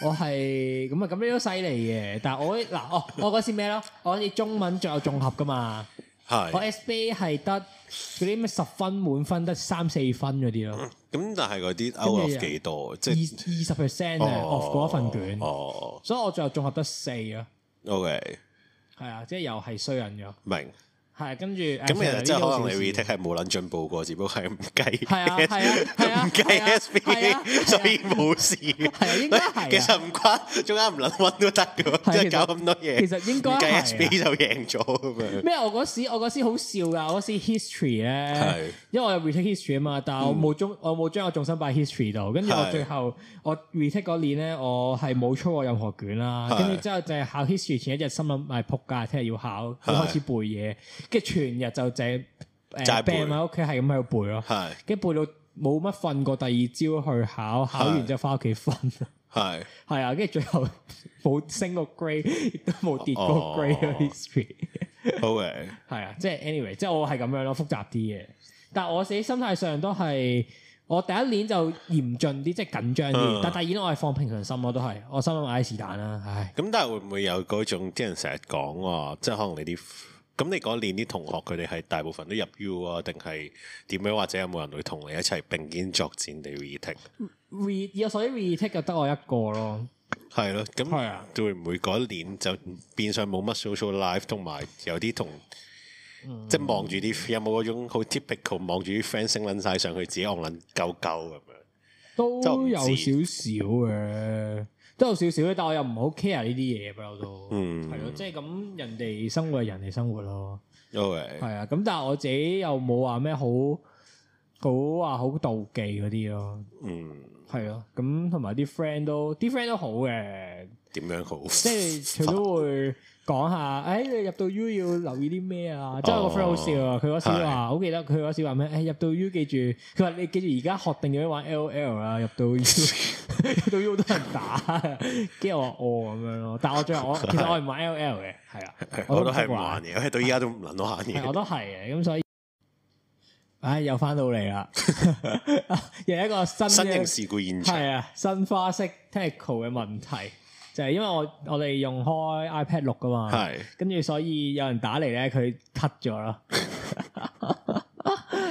我係咁啊，咁你都犀利嘅。但係我嗱，我我嗰次咩咯？我好似中文再有綜合噶嘛。係。我 SBA 係得嗰啲咩十分滿分得三四分嗰啲咯。咁但係嗰啲 out of 幾多？即係二二十 percent 嘅 of 嗰一份卷。哦。所以我最後綜合得四咯。OK。係啊，即係又係衰人咗。明。係跟住，咁其實真係可能你 retake 係冇撚進步過，只不過係唔計係啊，啊，啊，唔計 S B，所以冇事。係應該係其實唔關中間唔撚揾都得嘅喎，即係搞咁多嘢。其實應該計 S B 就贏咗咁樣。咩？我嗰時我嗰時好笑㗎，我嗰時 history 咧，因為我有 retake history 啊嘛，但係我冇中我冇將個重心擺 history 度，跟住我最後我 retake 嗰年咧，我係冇出過任何卷啦。跟住之後就係考 history 前一日心諗，哎，撲街聽日要考，開始背嘢。跟住全日就借誒病喺屋企，係咁喺度背咯。係跟住背到冇乜瞓過，第二朝去考，是考完之後翻屋企瞓。係係是 <laughs> 啊，跟住最後冇升個 grade，都冇跌過 grade，哦。Okay 好嘅。係啊，即係 anyway，即係我係咁樣咯，複雜啲嘅。但係我自己心態上都係，我第一年就嚴峻啲，即係緊張啲。嗯、但係第二年我係放平常心咯，我都係我心諗唉是但啦，唉。咁但係會唔會有嗰種啲人成日講，即係可能你啲。咁你嗰年啲同學佢哋係大部分都入 U 啊，定係點樣？或者有冇人會同你一齊並肩作戰嚟 retake？ret 所以 retake 就得我一個咯。係咯，咁係啊，會唔會嗰一年就變相冇乜 social life，同埋有啲同即係望住啲有冇嗰種好 typical 望住啲 friend 升撚晒上去，自己戇撚鳩鳩咁樣，都有少少嘅。都有少少咧，但我又唔好 care 呢啲嘢不嬲都，係咯、嗯，即係咁人哋生活，係人哋生活咯，係啊 Okay.，咁但係我自己又冇話咩好好啊，好妒忌嗰啲咯，嗯，係咯，咁同埋啲 friend 都，啲 friend 都好嘅，點樣好？即係佢都會。 <laughs> 講下，誒入到 U 要留意啲咩啊？真係我個 friend 好笑啊，佢嗰時話好記得佢嗰時話咩？誒入到 U 記住，佢話你記住而家學定咗玩 L O L 啊。入到 U，入到 U 好多人打，跟住我哦，咁樣咯。但我最後我其實我係玩 L O L 嘅，係啊，我都係玩嘅，到而家都唔到下嘅。我都係嘅，咁所以，唉又翻到嚟啦，又一個新新型事故現場，係啊新花式 technical 嘅問題。就係因為我我哋用開 iPad 錄㗎嘛，跟住是所以有人打嚟咧，佢 cut 咗咯。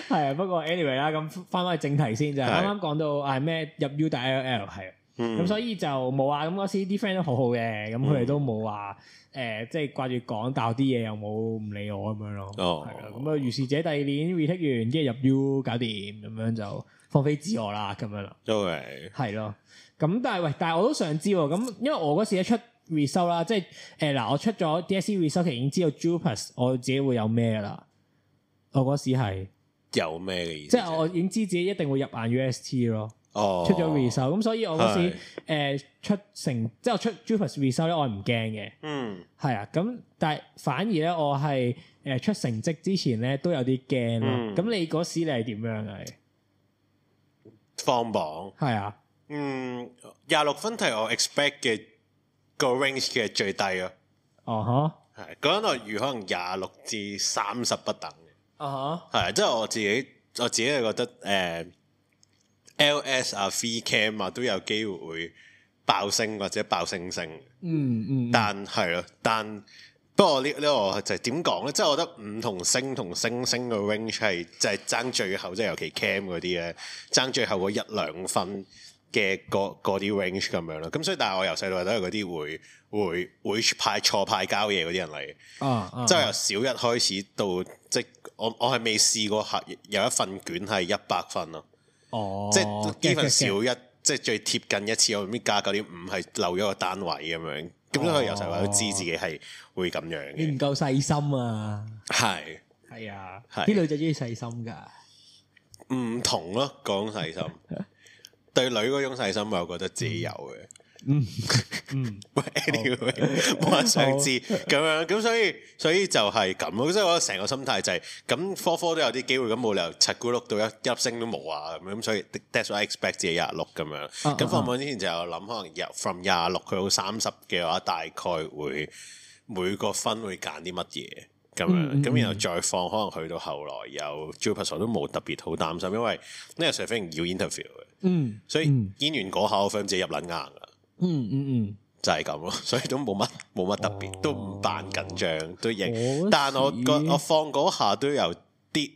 係啊， <laughs> <laughs> 不過 anyway 啦，咁翻返去正題先，就係啱啱講到啊咩入 U 大 LL 係，咁、嗯、所以就冇啊。咁嗰時啲 friend 都好好、啊、嘅，咁佢哋都冇話誒，即係掛住講教啲嘢又冇唔理我咁樣咯。哦，啊，咁啊如是者第二年 retake 完，跟住入 U 搞掂，咁樣就放飛自我啦，咁樣咯。都係係咯。咁但係喂，但係我都想知喎。咁因為我嗰時一出 result 啦，即係誒嗱，我出咗 DSE result，其實已經知道 JUPAS 我自己會有咩啦。我嗰時係有咩嘅意思？即係我我已經知自己一定會入硬 UST 咯。哦，出咗 result，咁所以我嗰時誒出成即係我出 JUPAS result 咧，我係唔驚嘅。嗯，係啊。咁但係反而咧，我係誒出成績之前咧都有啲驚咯。咁你嗰時你係點樣啊？放榜係啊。嗯，廿六分題我 expect 嘅、個 range 嘅最低啊。哦吓、uh？係講到如可能廿六至三十不等。哦吓、uh？係即係我自己，我自己係覺得誒、呃、，LS 啊 V Cam 啊，都有機會，會爆星或者爆星星。嗯嗯、mm hmm.，但係啊，但不過、這個這個、呢呢個就係點講咧？即係我覺得唔同星同星星嘅 range 係即係爭最後，即係尤其 Cam 嗰啲咧，爭最後嗰一兩分。嘅嗰啲 range 咁樣咯。咁所以但係我由細到大都係嗰啲會會會派錯派交嘢嗰啲人嚟，即係、哦嗯、由小一開始到即係我我係未試過嚇有一份卷係一百分咯，哦、即係呢份小一、哦嗯、即係最貼近一次我咪加九點五係漏咗個單位咁樣，咁所以由細到大都知自己係會咁樣，你唔夠細心啊，係係是是啊，啲女仔中意細心㗎，唔同咯講細心。 <laughs> 對女嗰種細心，我覺得自己有嘅、嗯。嗯 <laughs> ，anyway，冇人想知咁樣，咁所以所以就係咁咯。即、就、係、是、我成個心態就係、是、咁，科科都有啲機會，咁冇理由七估碌到一一星都冇啊咁。咁所以 that's what I expect 自己廿六咁樣。咁、啊、放榜之前就有諗，可能由 from 廿六去到三十嘅話，大概會每個分會揀啲乜嘢咁樣。咁、嗯、然後再放，可能去到後來後 J 有 Jupiter 都冇特別好擔心，因為呢、這個除非唔要 interview 嗯，mm hmm. 所以演完嗰下我 feel 自己入捻硬啊、mm，嗯嗯嗯，就係咁咯，所以都冇乜冇乜特別、oh,，都唔扮緊張，都認像，但我覺我放嗰下都有啲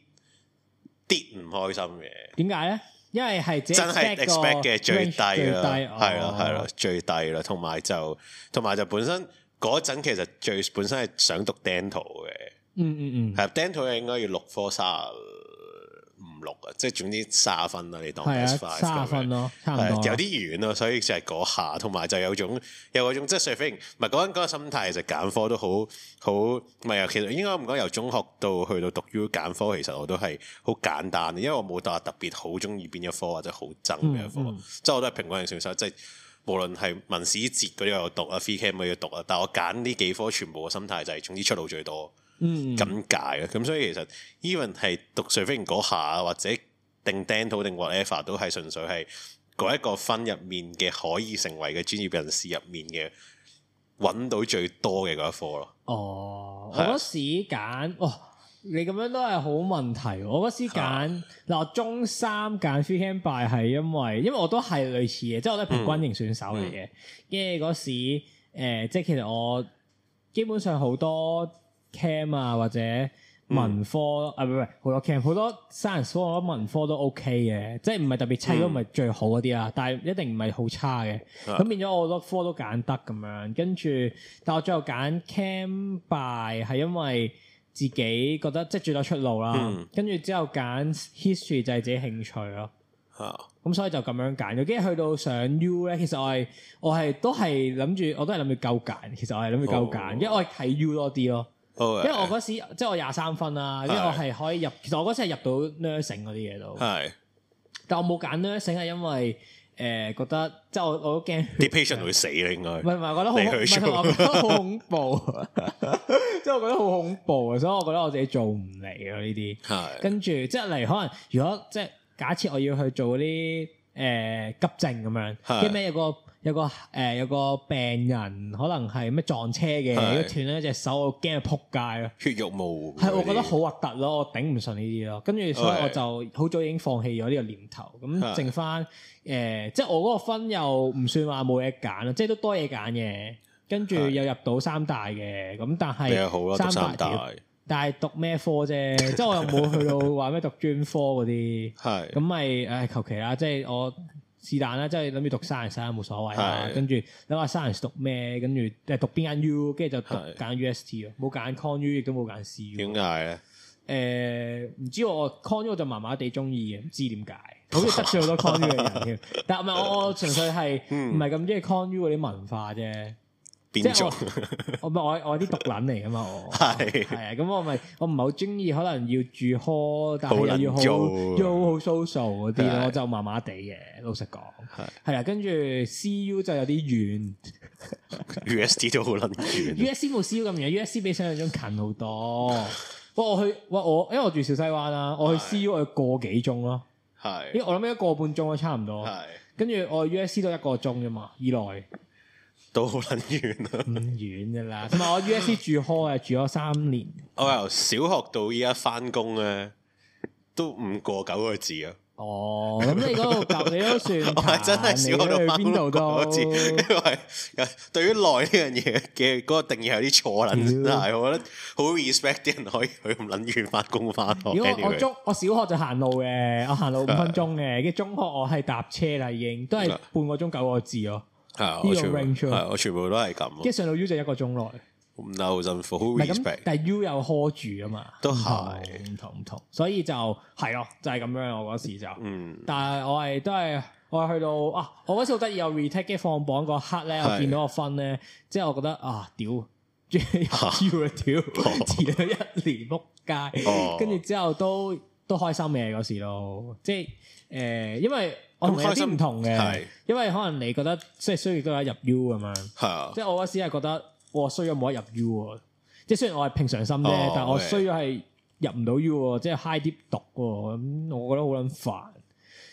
啲唔開心嘅，點解咧？因為係真係 expect 嘅 the 最低啦，係咯係咯最低啦，同埋、哦、就同埋就本身嗰陣其實最本身係想讀 dental 嘅，嗯嗯嗯，係呀、hmm. dental 應該要六科三。唔錄啊！即係總之三十分啦，你當五、啊、三十分咯、啊，有啲遠咯、啊，所以就係嗰下，同埋就有種有嗰種即係 surfing 唔係講緊嗰個心態，其實揀科都好好，唔係啊！其實應該唔講由中學到去到讀 U 揀科，其實我都係好簡單，因為我冇話特別好中意邊一科或者好憎邊一科，即係、嗯、我都係平均性選手，即係、嗯就是、無論係文史哲嗰啲我讀啊 f e cam 我要讀啊，但係我揀呢幾科全部嘅心態就係總之出路最多。嗯，咁解嘅咁， <music> 所以其實 even 係讀 surveying 嗰下或者定 dental 定 whatever 都係純粹係嗰一個分入面嘅可以成為嘅專業人士入面嘅揾到最多嘅嗰一科咯、哦啊。哦，我嗰時揀哇，你咁樣都係好問題。我嗰時揀嗱、啊、中三揀 free hand by 係因為因為我都係類似嘅，即係我都係平均型選手嚟嘅。跟住嗰時誒、呃，即係其實我基本上好多。c a m 啊，或者文科，嗯、啊唔係好多 cam 好多 science 科，我覺得文科都 OK 嘅，即係唔係特別差，嗯、都唔係最好嗰啲啦，但係一定唔係好差嘅。咁、啊、變咗我好多科都揀得咁樣，跟住，但我最後揀 cam by 係因為自己覺得即係最多出路啦，跟住之後揀 history 就係自己興趣咯咁，啊、所以就咁樣揀，跟住去到上 U 咧，其實我係我係都係諗住我都係諗住夠揀，其實我係諗住夠揀，因為我係睇 U 多啲咯。因為我嗰時即係我廿三分啊，因為我係可以入，其實我嗰時係入到 nursing 嗰啲嘢都，但我冇揀 nursing 係因為誒覺得即係我我都驚啲 patient 會死應該，唔係唔係覺得好唔係我覺得好恐怖，即係我覺得好恐怖，啊，所以我覺得我自己做唔嚟啊。呢啲，跟住即係例如可能如果即係假設我要去做嗰啲誒急症咁樣，啲咩嘢嗰？有個誒，有個病人可能係咩撞車嘅，斷咗一隻手，我驚到扑街咯，血肉模糊係，我覺得好核突咯，我頂唔順呢啲咯。跟住所以我就好早已經放棄咗呢個念頭，咁剩翻誒，即係我嗰個分又唔算話冇嘢揀啦，即係都多嘢揀嘅。跟住又入到三大嘅，咁但係好啦，三大，但係讀咩科啫？即係我又冇去到話咩讀專科嗰啲，係咁咪唉求其啦，即係我。是但啦，即係諗住讀 science 冇所謂啊，跟住諗是下 science 讀咩，跟住誒讀邊間 U，跟住就揀是 U, U S T 咯，冇揀 Con U 亦都冇揀 C U。點解咧？誒唔 <music> 知我 Con U 就麻麻地中意嘅，唔知點解，好似得罪好多 Con U 嘅人。 <laughs> 但係我純粹係唔係咁中意 Con U 嗰啲文化啫。即係我，我咪我我啲獨撚嚟噶嘛，我係係啊，咁我咪我唔係好中意可能要住 hall，但係又要好要好 social 嗰啲，我就麻麻地嘅。老實講，係係啦，跟住 CU 就有啲遠，UST 都好撚遠，UST 冇 CU 咁遠，UST 比想象中近好多。不過我我去喂我，因為我住小西灣啦，我去 CU 去個幾鐘咯，係，因為我諗一個半鐘都差唔多，係。跟住我 UST 都一個鐘啫嘛，以內。都好捻遠啦，唔遠嘅啦。同埋我 USC 住開啊， <laughs> 住咗三年。我由小學到依家翻工咧，都唔過九個字啊。哦，咁你嗰度隔你都算， <laughs> 我係真係小學到邊度都，因為對於耐呢樣嘢嘅嗰個定義有啲錯捻，但係的我覺得好 respect 啲人可以去咁捻遠翻工翻學。如果我中 anyway 我小學就行路嘅，我行路五分鐘嘅，跟住中學我係搭車啦，已經都係半個鐘九個字咯。 <laughs> 係、啊啊，我全部都係咁、啊。跟住上到 U 就一個鐘耐，唔係好辛苦。但係 U 又 hold 住啊嘛，都係是唔同唔同，所以就係咯、啊，就係、是、咁樣。我嗰時就，嗯、但係我係都係我去到啊，我嗰時好得意，我 retake 放榜嗰刻咧，是我見到個分咧，之後我覺得啊，屌，即係 U 啊屌，遲咗 <laughs> 一年撲街，哦、跟住之後都都開心嘅嗰時咯，即係誒，因為。我有啲唔同嘅，因為可能你覺得即係雖然都有入 U 咁樣，即係我嗰時係覺得我需要冇得入 U，即係雖然我係平常心啫，但我需要係入唔到 U，即係 high dip 讀，咁，我覺得好撚煩。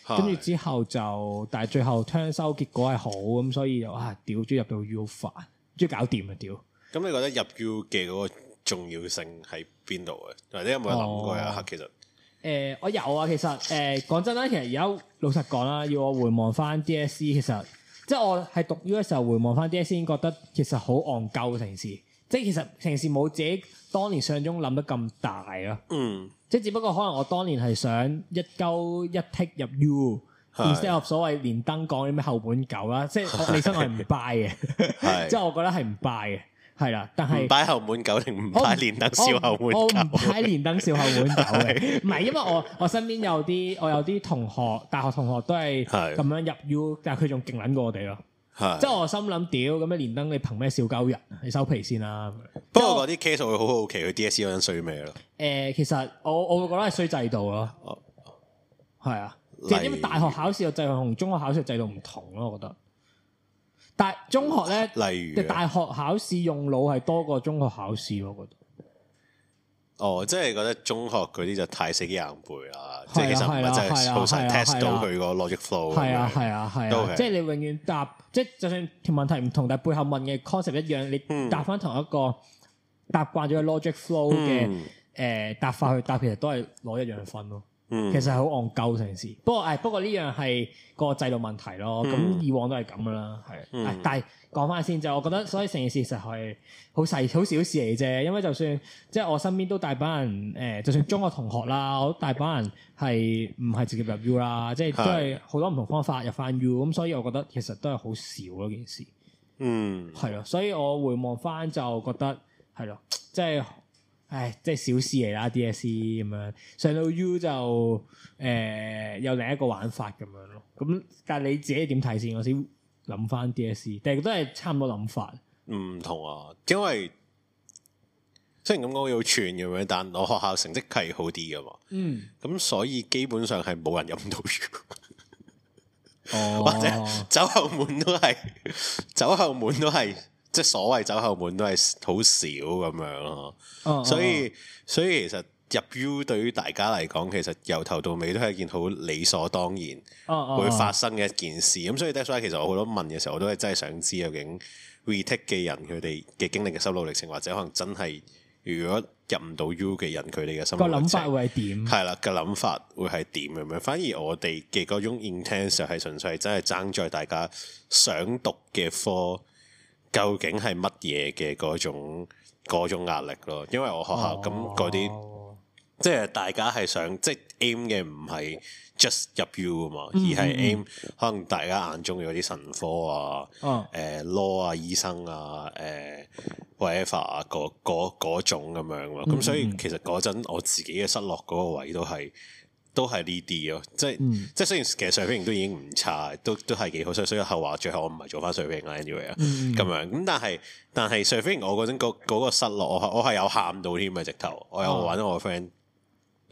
跟住之後就，但係最後聽收結果係好，咁所以就啊，屌，中意入到 U 好煩，中意搞掂啊屌。咁你覺得入 U 嘅嗰個重要性喺邊度嘅？或者有冇諗過有一刻其實？誒、呃、我有啊，其實誒講真啦，其實而家老實講啦，要我回望翻 DSE 其實，即、就、係、是、我係讀 U 嘅時候回望翻 DSE，覺得其實好戇鳩嘅城市。即係其實城市冇自己當年想中諗得咁大咯。嗯，即係只不過可能我當年係想一鳩一剔入 U instead of 所謂連登講啲咩後本狗啦，即係你真係唔 buy 嘅，即係我覺得係唔 buy 嘅。係啦，但係擺後門九定唔擺連登少後門。我唔擺連登少後門九嘅，唔係 <laughs> 因為我我身邊有啲我有啲同學大學同學都係咁樣入 U， <laughs> 但係佢仲勁捻過我哋咯。即係 <laughs> 我心諗屌咁樣連登你憑咩少九人？你收皮先啦。不過嗰啲 case 我會好好奇佢 DSE 嗰陣衰咩咯。誒， <laughs> 其實我我會覺得係衰制度咯。係啊， <laughs> 即係因為大學考試嘅制度同中學考試嘅制度唔同咯，我覺得。但係中學咧，例如大學考試用腦係多過中學考試，我覺得。哦，即係覺得中學嗰啲就太死記硬背啦，啊、即係其實唔係真係好曬 test 到佢個 logic flow。係啊係啊係，啊啊啊 Okay. 即係你永遠答，即係就算條問題唔同，但係背後問嘅 concept 一樣，你答翻同一個答慣咗嘅 logic flow 嘅誒、嗯呃、答法去答，其實都係攞一樣去分咯。嗯、其實係好戇鳩成件事，不過誒、哎、不過呢樣係個制度問題咯。咁、嗯、以往都係咁噶啦，係、嗯哎。但係講翻先就，我覺得所以成件事其實係好細好小事嚟啫。因為就算即係我身邊都大班人誒、呃，就算中學同學啦，我大班人係唔係直接入 U 啦，即係都係好多唔同方法入翻 U 的。咁所以我覺得其實都係好少嗰件事。嗯，係咯。所以我回望翻就覺得係咯，即係。唉，即係小事嚟啦，DSE 咁樣，上到 U 就誒、呃、有另一個玩法咁樣咯。咁但係你自己點睇先？我先諗翻 DSE，但係都係差唔多諗法。唔同啊，因為雖然咁講要傳咁樣，但我學校成績係好啲㗎嘛。嗯。咁所以基本上係冇人入唔到 U。 <laughs> 者哦。或者走後門都係，走後門都係。即係所謂走後門都係好少咁樣咯，oh, oh, 所以所以其實入 U 對於大家嚟講，其實由頭到尾都係一件好理所當然會發生嘅一件事。咁、oh, oh, oh, 所以，that's why 其實我好多問嘅時候，我都係真係想知究竟 retake 嘅人佢哋嘅經歷嘅心路歷程，或者可能真係如果入唔到 U 嘅人佢哋嘅個諗法會係點？係啦，個諗法會係點咁樣？反而我哋嘅嗰種 intent 係純粹係真係爭在大家想讀嘅科。究竟係乜嘢嘅嗰種嗰種壓力咯？因為我學校咁嗰啲，即係大家係想即係 aim 嘅唔係 just 入 U 啊嘛，而係 aim 可能大家眼中嗰啲神科啊、誒、oh. 呃、law 啊、醫生啊、誒、呃、whatever 啊嗰嗰嗰種咁樣咯。咁所以其實嗰陣我自己嘅失落嗰個位都係。都係呢啲咯，即係、嗯、即係雖然其實 surveying 都已經唔差，都都係幾好，所以所以後話最後我唔係做翻 surveying anyway 啊，咁樣咁但係但係 surveying、嗯、我嗰陣嗰嗰個失落我我係有喊到添啊直頭，我有搵我 friend。嗯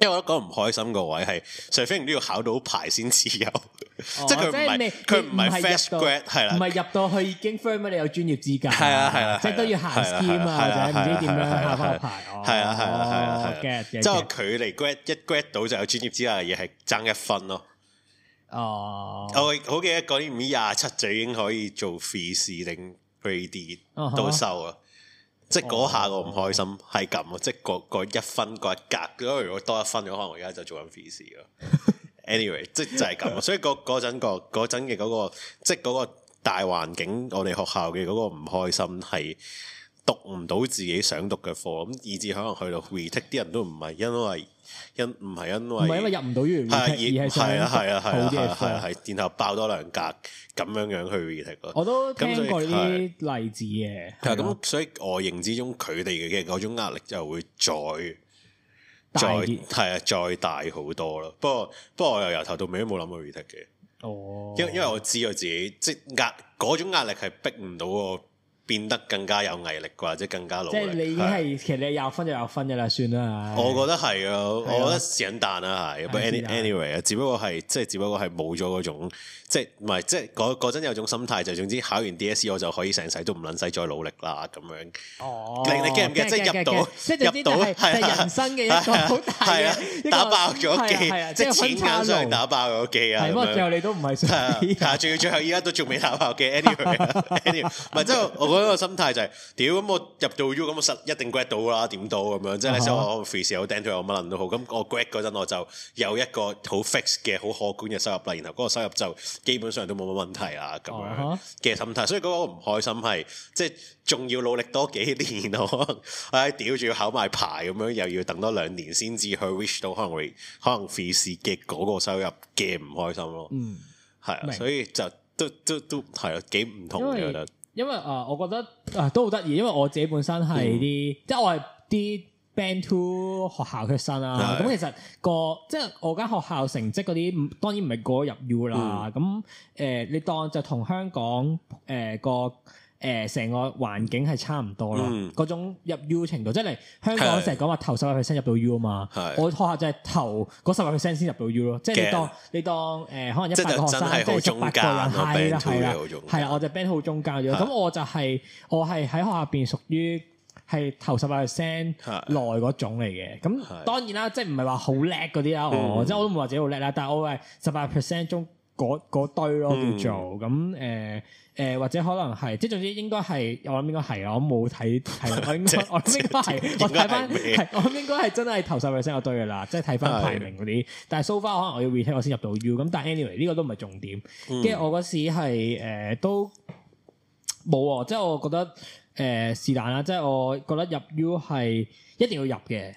因為我覺得講唔開心個位係除非你都要考到牌先至有，即係佢唔係佢唔係 fresh grad 係啦，唔係入到去已經 firm 你有專業資格係啊係啦，即係都要行 team 啊唔知點樣考翻個牌，啊係啊，即係佢離 grad 一 grad 到就有專業資格嘅嘢係爭一分咯。哦，我好記得嗰年五月廿七就已經可以做 free 士定 g r a d 都收啦。即嗰下我唔開心係咁咯，即係嗰一分嗰一格，如果多一分，我可能而家就做緊 fe 事咯。Anyway，即、哦、就係咁咯，所以嗰嗰陣嘅嗰個，即係嗰個大環境，我哋學校嘅嗰個唔開心係。讀唔到自己想讀嘅課，咁以至可能去到 retake，啲人都唔係因為因唔係因為唔係因為入唔到呢？係係啊係啊係啊係啊係，然後爆多兩格咁樣樣去 retake 我都聽過啲例子嘅。係咁，所以我認知中佢哋嘅嗰種壓力就會再再係啊，再大好多咯。不過不過我又由頭到尾都冇諗過 retake 嘅。哦。因因為我知道自己即壓嗰種壓力係逼唔到個。變得更加有毅力啩，即更加努力。即係你已經係其實你有分就有分嘅啦，算啦。我覺得係啊，我覺得時隱時現啦，係。But anyway，啊，只不過係即係只不過係冇咗嗰種，即係唔係即係嗰陣有種心態，就總之考完 DSE 我就可以成世都唔撚使再努力啦咁樣。哦。你你記唔記？即係入到，入到係人生嘅一個好大嘅打爆咗機，即係錢上打爆咗機啊！係，最後你都唔係衰。係，仲要最後依家都仲未打爆機，anyway，唔係即係我。我嗰個心態就係屌，咁我入到 U 咁我實一定 grad 到啦點到咁樣，即係收、啊、我 free 士有 denture 有乜都好。咁我 grad 嗰陣我就有一個好 fix 嘅好可觀嘅收入啦，然後嗰個收入就基本上都冇乜問題啦咁樣嘅心態。啊啊、所以嗰個唔開心係即係仲要努力多幾年咯。唉屌，仲、哎、要考埋牌咁樣，又要等多兩年先至去 reach 到可能 n r 可能 free 士嘅嗰個收入嘅唔開心咯。嗯，係啊是，白所以就，就，就，就，就都都都係啊幾唔同嘅覺得。因為啊、呃，我覺得啊、呃、都好得意，因為我自己本身係啲，嗯、即係我係啲 Band Two 學校學生啦。咁的其實、個，即係我間學校成績嗰啲，當然唔係過入 U 啦。咁誒、嗯呃，你當就同香港誒、呃、個。誒成個環境係差唔多啦，嗰種入 U 程度，即係嚟香港成日講話頭十 percent 入到 U 啊嘛。我學校就係頭嗰十 percent 先入到 U 咯，即係你當你當誒可能一百個學生即係十八個人係啦，係啦，係啊，我就 band 好中間。咁，我就係我係喺學校入面屬於係頭十 percent 內嗰種嚟嘅。咁當然啦，即係唔係話好叻嗰啲啦。我即係我都唔話自己好叻啦，但係我係十八 percent 中。嗰堆咯，叫做咁誒誒，或者可能係，即係總之應該係，我諗應該係，我冇睇，係 <laughs> 我應該，我應該係，我睇翻，我應該係真係頭十位先有堆噶啦，即係睇翻排名嗰啲。但係 so far 可能我要 retake 我先入到 U，咁但係 anyway 呢個都唔係重點。跟住我嗰時係誒都冇喎，即係我覺得誒是但啦，即係我覺得入 U 係一定要入嘅，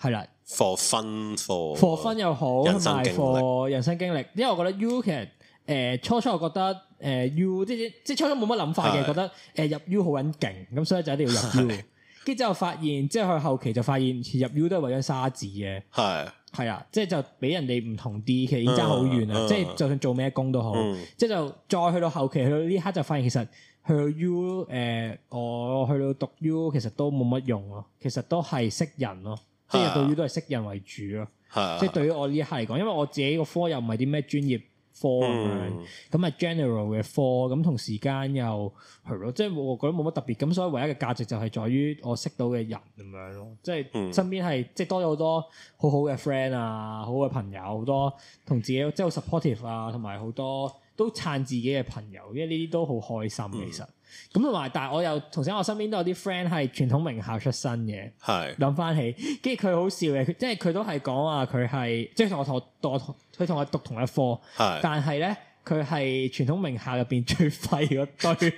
係啦。for 分科 for 分又好，同埋 for 人生經歷。因為我覺得 U 其實，誒、呃，初初我覺得，誒、呃、，U 即係即係初初冇乜諗法嘅，係覺得誒、呃、入 U 好撚勁，咁所以就一定要入 U 係。跟住之後發現，即係去後期就發現，入 U 都係為咗沙紙嘅，係係啊，即係就俾人哋唔同啲，其實差好遠啊！嗯嗯、即係就算做咩工都好，嗯、即係就再去到後期去到呢刻就發現，其實去到 U 誒，我去到讀 U 其實都冇乜用咯，其實都係識人咯。即係對於都係識人為主咯， <laughs> 即係對於我呢一刻嚟講，因為我自己個科又唔係啲咩專業科咁樣，咁係 general 嘅科，咁同時間又係咯，即係我覺得冇乜特別，咁所以唯一嘅價值就係在於我識到嘅人咁樣咯，即係身邊係、嗯、即係多咗好多好好嘅 friend 啊，好好嘅朋友，好多同自己即好 supportive 啊，同埋好多都撐自己嘅朋友，因為呢啲都好開心、嗯、其實。咁同埋，但係我又，同時我身邊都有啲 friend 係傳統名校出身嘅。係。諗翻起，跟住佢好笑嘅，即係佢都係講話佢係，即係同我同我同佢同我讀同一科。係。但係咧，佢係傳統名校入邊最廢嗰堆。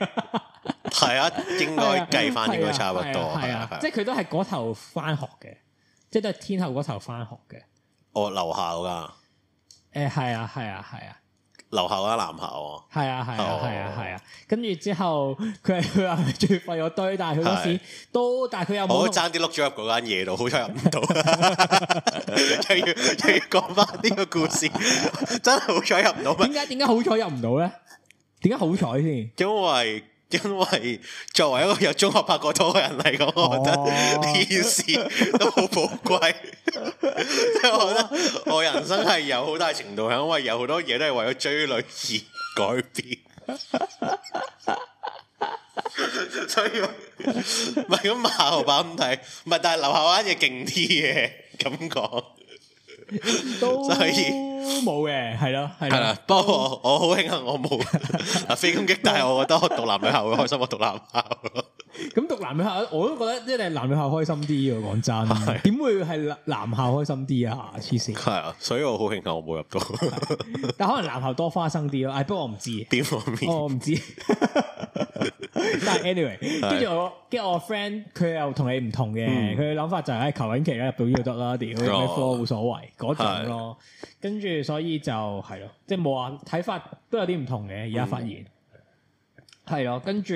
係啊，應該計翻應該差唔多。係啊，即係佢都係嗰頭翻學嘅，即係都係天后嗰頭翻學嘅。我留校㗎。誒係啊係啊係啊！樓下、哦、啊，男校喎。係啊，係、oh. 啊，係啊，係啊,啊。跟住之後，佢佢話最廢嗰堆，但係佢嗰時都，啊、但係佢又冇爭啲碌咗入嗰間嘢度，好彩入唔到啦。又要 <laughs> <laughs> <laughs> 又要講翻呢個故事， <laughs> <laughs> 真係好彩入唔到咩？點解點解好彩入唔到咧？點解 <laughs> 好彩先？ <laughs> 因為。因為作為一個由中學拍過拖嘅人嚟講，我覺得呢件事都好寶貴。即 <laughs> 係我覺得我人生係有好大程度係因為有好多嘢都係為咗追女而改變。 <laughs> <laughs> 所以咪咁馬後炮咁睇，唔 <laughs> 咪但係樓下玩嘢勁啲嘅咁講。都可以冇嘅，係咯，係啦。不過我好慶幸，我冇啊， <laughs> <laughs> 非攻擊，但係我覺得我讀男女校會開心 <laughs> 我讀男校。 <laughs> <laughs> 咁讀男女校，我都覺得一定男女校開心啲嘅。講真，點會係男校開心啲啊？黐線！係啊是的，所以我好慶幸我冇入到的， <laughs> 但可能男校多花生啲咯。唉、哎，不過我唔知。點我唔、哦、知。 <laughs> <laughs> 但係，anyway，跟住是的 我，我跟住我 friend，佢又同你唔同嘅，佢諗、嗯、法就係、是、喺求穩期啦，入到呢度得啦，屌咩科冇所謂嗰種咯。跟住所以就係咯，即係冇啊，睇法都有啲唔同嘅，而家、嗯、發現。係咯，跟住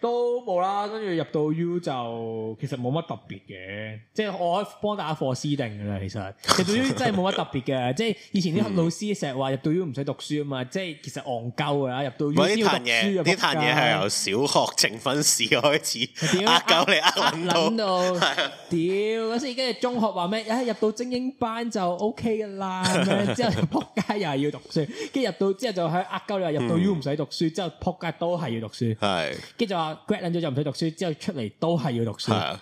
都冇啦。跟住入到 U 就其實冇乜特別嘅，即係我幫大家課私定㗎啦。其實，其實 <laughs> 入到 U 真係冇乜特別嘅，即係以前啲老師成日話入到 U 唔使讀書啊嘛，嗯、即係其實戇鳩㗎啦。入到 U 先要讀書。啲嘢係由小學呈分試開始，呃鳩你戇到，屌！嗰時跟住中學話咩？一、啊、入到精英班就 OK 㗎啦， <laughs> <laughs> 之後撲街又係要讀書，跟住入到之後就係呃鳩你入到 U 唔使讀書，之後撲街都係要。讀書係，跟住就話 graduate 咗就唔使讀書，之後出嚟都係要讀書。係，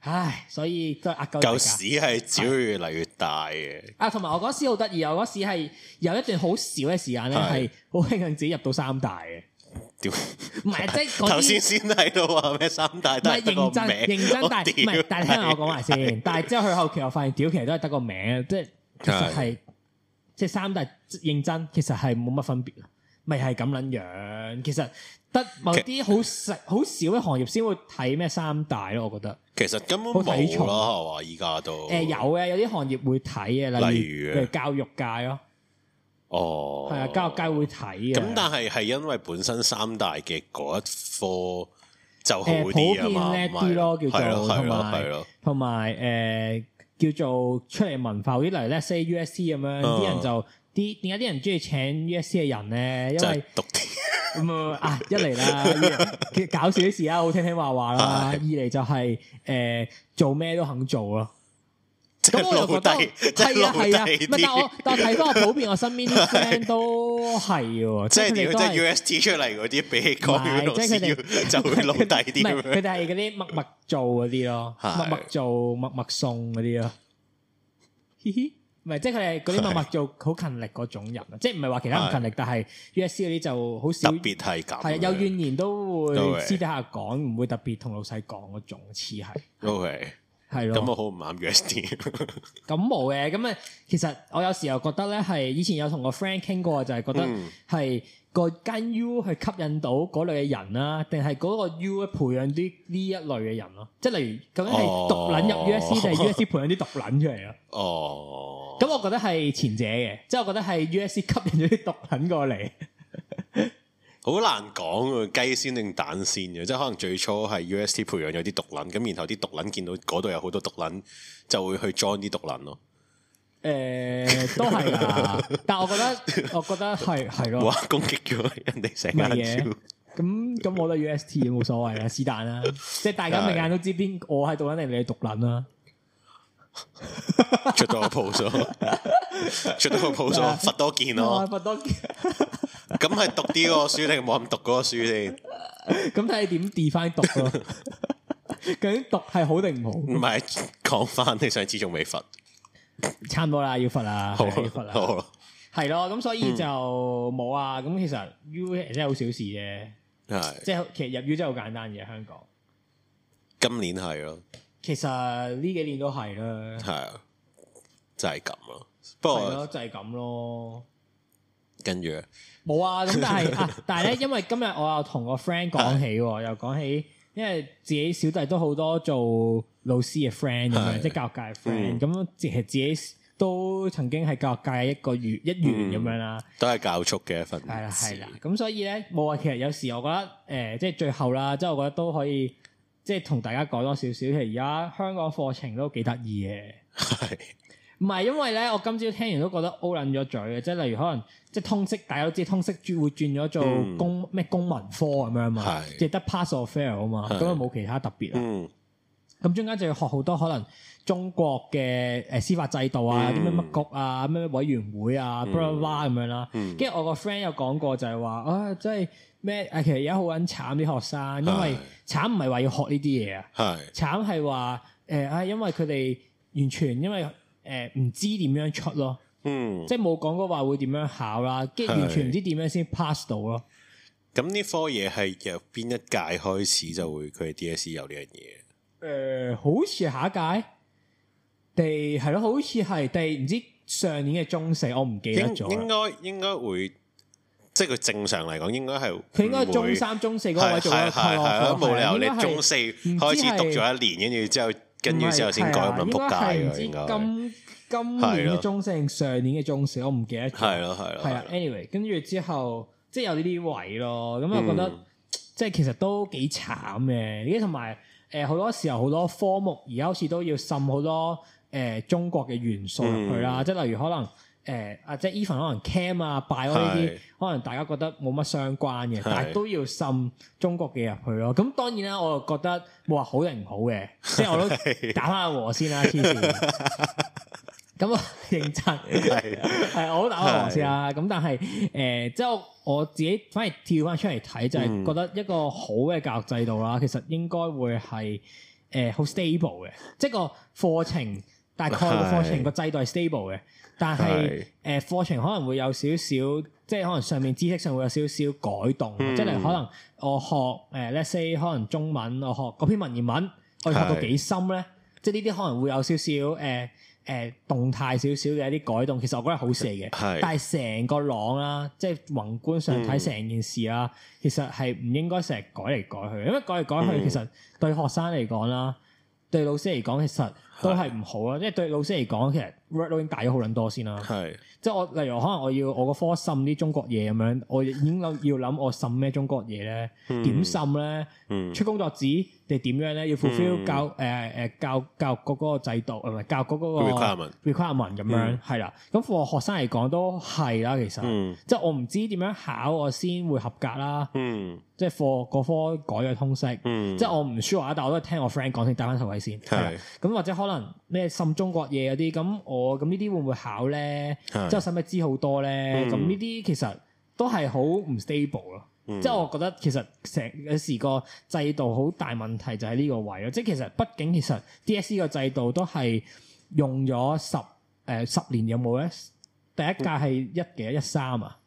唉，所以都係壓鳩死。舊屎係只會越嚟越大嘅。啊，同埋我嗰時好得意，我嗰時係有一段好少嘅時間咧，係好慶幸自己入到三大嘅。屌，唔係即係頭先先喺度話咩三大，但係認真認真，但係唔係，但係我講埋先。但係之後去後期我發現屌，其實都係得個名，即係其實係即係三大認真，其實係冇乜分別啊，咪係咁撚樣。其實。得某啲好食、好少嘅行業先會睇咩三大咯，我覺得。其實根本冇啦嚇話，依家都。誒有嘅，有啲行業會睇嘅，例如例如教育界咯。哦。係啊，教育界會睇嘅。咁但係係因為本身三大嘅嗰一科就好啲啊嘛，同埋同埋誒叫做出嚟文化，啲，例如 let's say USC 咁樣啲人就。啲點解啲人中意請 UST 嘅人咧？因為獨啲，唔啊一嚟啦，其實搞笑啲事啊，好聽聽話話啦；二嚟就係誒做咩都肯做咯。咁我又覺得係啊係啊，但係我但係睇翻我普遍我身邊啲 friend 都係喎，即係即係 UST 出嚟嗰啲俾佢講老師要就會攞低啲咁樣。佢哋係嗰啲默默做嗰啲咯，默默做默默送嗰啲啊。嘻嘻。唔係，即係佢哋嗰啲默默做好勤力嗰種人，的即係唔係話其他唔勤力，的但係 U S C 嗰啲就好少特別係咁，係有怨言都會私底下講，唔的會特別同老細講嗰種似係。OK，係咯。咁我好唔啱 U S C？咁冇嘅，咁咪、嗯、 <laughs> 其實我有時候覺得咧，係以前有同個 friend 傾過，就係覺得係。個間 U 去吸引到嗰類嘅人啦、啊，定係嗰個 U 去培養啲呢一類嘅人咯、啊？即係例如究竟係毒撚入 UST 定係 UST 培養啲毒撚出嚟咯？哦，咁我覺得係前者嘅，即係我覺得係 UST 吸引咗啲毒撚過嚟，好 <laughs> 難講喎，雞先定蛋先嘅，即係可能最初係 UST 培養咗啲毒撚，咁然後啲毒撚見到嗰度有好多毒撚，就會去 join 啲毒撚咯。誒、欸，都係啊！但係我覺得，我覺得係係咯。哇！攻擊咗人哋成間嘢，咁咁冇得 UST，冇所謂啊！是但啦，即係大家明眼都知邊，我喺度肯定你係毒撚啦。出到個鋪數， <laughs> 出到個鋪數，罰 <laughs> 多件咯，罰 <laughs> 多件。咁係 <laughs> <laughs> 讀啲個書定冇咁讀嗰個書先？咁睇你點跌翻讀？ <laughs> <laughs> 究竟讀係好定唔好？唔係講翻，你上次仲未罰。差唔多啦，要罰啦、啊，要罰啦，係咯、啊，咁所以就冇啊。咁其實 U 真係好小事啫，的即係其實入 U 真係好簡單嘅、啊、香港。今年係咯，其實呢幾年都係啦，係啊，就係咁咯。不過就係、是、咁咯。跟住，冇啊。咁、啊、但係、 <laughs> 啊、但係咧，因為今日我又同個 friend 講起，的又講起，因為自己小弟都好多做。老師嘅 friend 咁樣的，即係教育界嘅 friend 咁、嗯，即係自己都曾經係教育界一個員一員咁樣啦、嗯。都係教育嘅一份。係啦，係啦。咁所以咧，冇話其實有時我覺得誒，即、呃、係最後啦，即係我覺得都可以，即係同大家講多少少。其實而家香港課程都幾得意嘅。係的，唔係因為咧，我今朝聽完都覺得 O 咗嘴嘅。即係例如可能即係通識，大家都知通識轉會轉咗做公咩、嗯、公民科咁樣嘛，即係得 pass or fail 啊嘛，咁又冇其他特別啊。的咁中間就要學好多可能中國嘅誒司法制度啊，有啲咩乜局啊，咩咩委員會啊，巴拉巴拉咁樣啦、啊。跟住、嗯、我個 friend 有講過就係話啊，即係咩？誒其實而家好撚慘啲學生，因為慘唔係話要學呢啲嘢啊，係是慘係話誒啊，因為佢哋完全因為誒唔、呃、知點樣出咯，嗯，即係冇講過話會點樣考啦，跟住完全唔知點樣先 pass 到咯。咁呢科嘢係由邊一屆開始就會佢 DSE 有呢樣嘢？誒，好似下一屆，第係咯，好似係第唔知上年嘅中四，我唔記得咗。應該應該會，即係佢正常嚟講，應該係佢應該中三、中四嗰位做咗退落，冇理由你中四開始讀咗一年，跟住之後，跟住之後先改咁撲街嘅。應該今今年嘅中四，上年嘅中四，我唔記得。係咯係咯，係啊。Anyway，跟住之後，即係有呢啲位咯，咁我覺得即係其實都幾慘嘅，而且同埋。誒好、呃、多時候好多科目而家好似都要滲好多誒、呃、中國嘅元素入去啦，嗯、即係例如可能誒、呃、啊，即係 even 可能 cam 啊、Bio 啊、呢啲，可能大家覺得冇乜相關嘅，是但係都要滲中國嘅入去咯。咁當然啦，我又覺得冇話好定唔好嘅，即係我都打翻阿和先啦黐線是 <laughs> 咁啊， <laughs> 認真係係， <laughs> 我好大個鑑事啦。咁但係誒、呃，即係我，我自己反而跳翻出嚟睇，就係、是、覺得一個好嘅教育制度啦。其實應該會係誒好 stable 嘅，即係個課程大概個課程個是制度係 stable 嘅。但係誒是課程可能會有少少，即係可能上面知識上會有少少改動，嗯、即係可能我學誒、呃、，let's say 可能中文我學嗰篇文言文，我學到幾深咧？是即係呢啲可能會有少少誒。呃誒、呃、動態少少嘅一啲改動，其實我覺得好事嚟嘅，但係成個廊啦、啊，即、就、係、是、宏觀上睇成件事啦、啊，嗯、其實係唔應該成日改嚟改去，因為改嚟改去、嗯、其實對學生嚟講啦，對老師嚟講其實都係唔好啊，即係是對老師嚟講其實。workload 已經大咗好撚多先啦，即係我例如可能我要我個科滲啲中國嘢咁樣，我已經諗要諗我滲咩中國嘢咧，點滲咧，出工作紙定點樣咧，要 fulfill 教誒誒教教育局嗰個制度，唔係教育局嗰個 requirement requirement 咁樣，係啦，咁課學生嚟講都係啦，其實即係我唔知點樣考我先會合格啦，即係課嗰科改咗通識，即係我唔書畫，但我都係聽我 friend 講先，戴翻頭位先，係咁或者可能咩滲中國嘢嗰啲，咁我。哦，咁呢啲會唔會考咧？即係使唔使知好多咧？咁呢啲其實都係好唔 stable 咯。即係、嗯、我覺得其實成有時個制度好大問題就喺呢個位咯。即、就、係、係、其實畢竟其實 DSE 個制度都係用咗十誒、呃、十年有冇咧？第一屆係一幾、嗯、一三啊？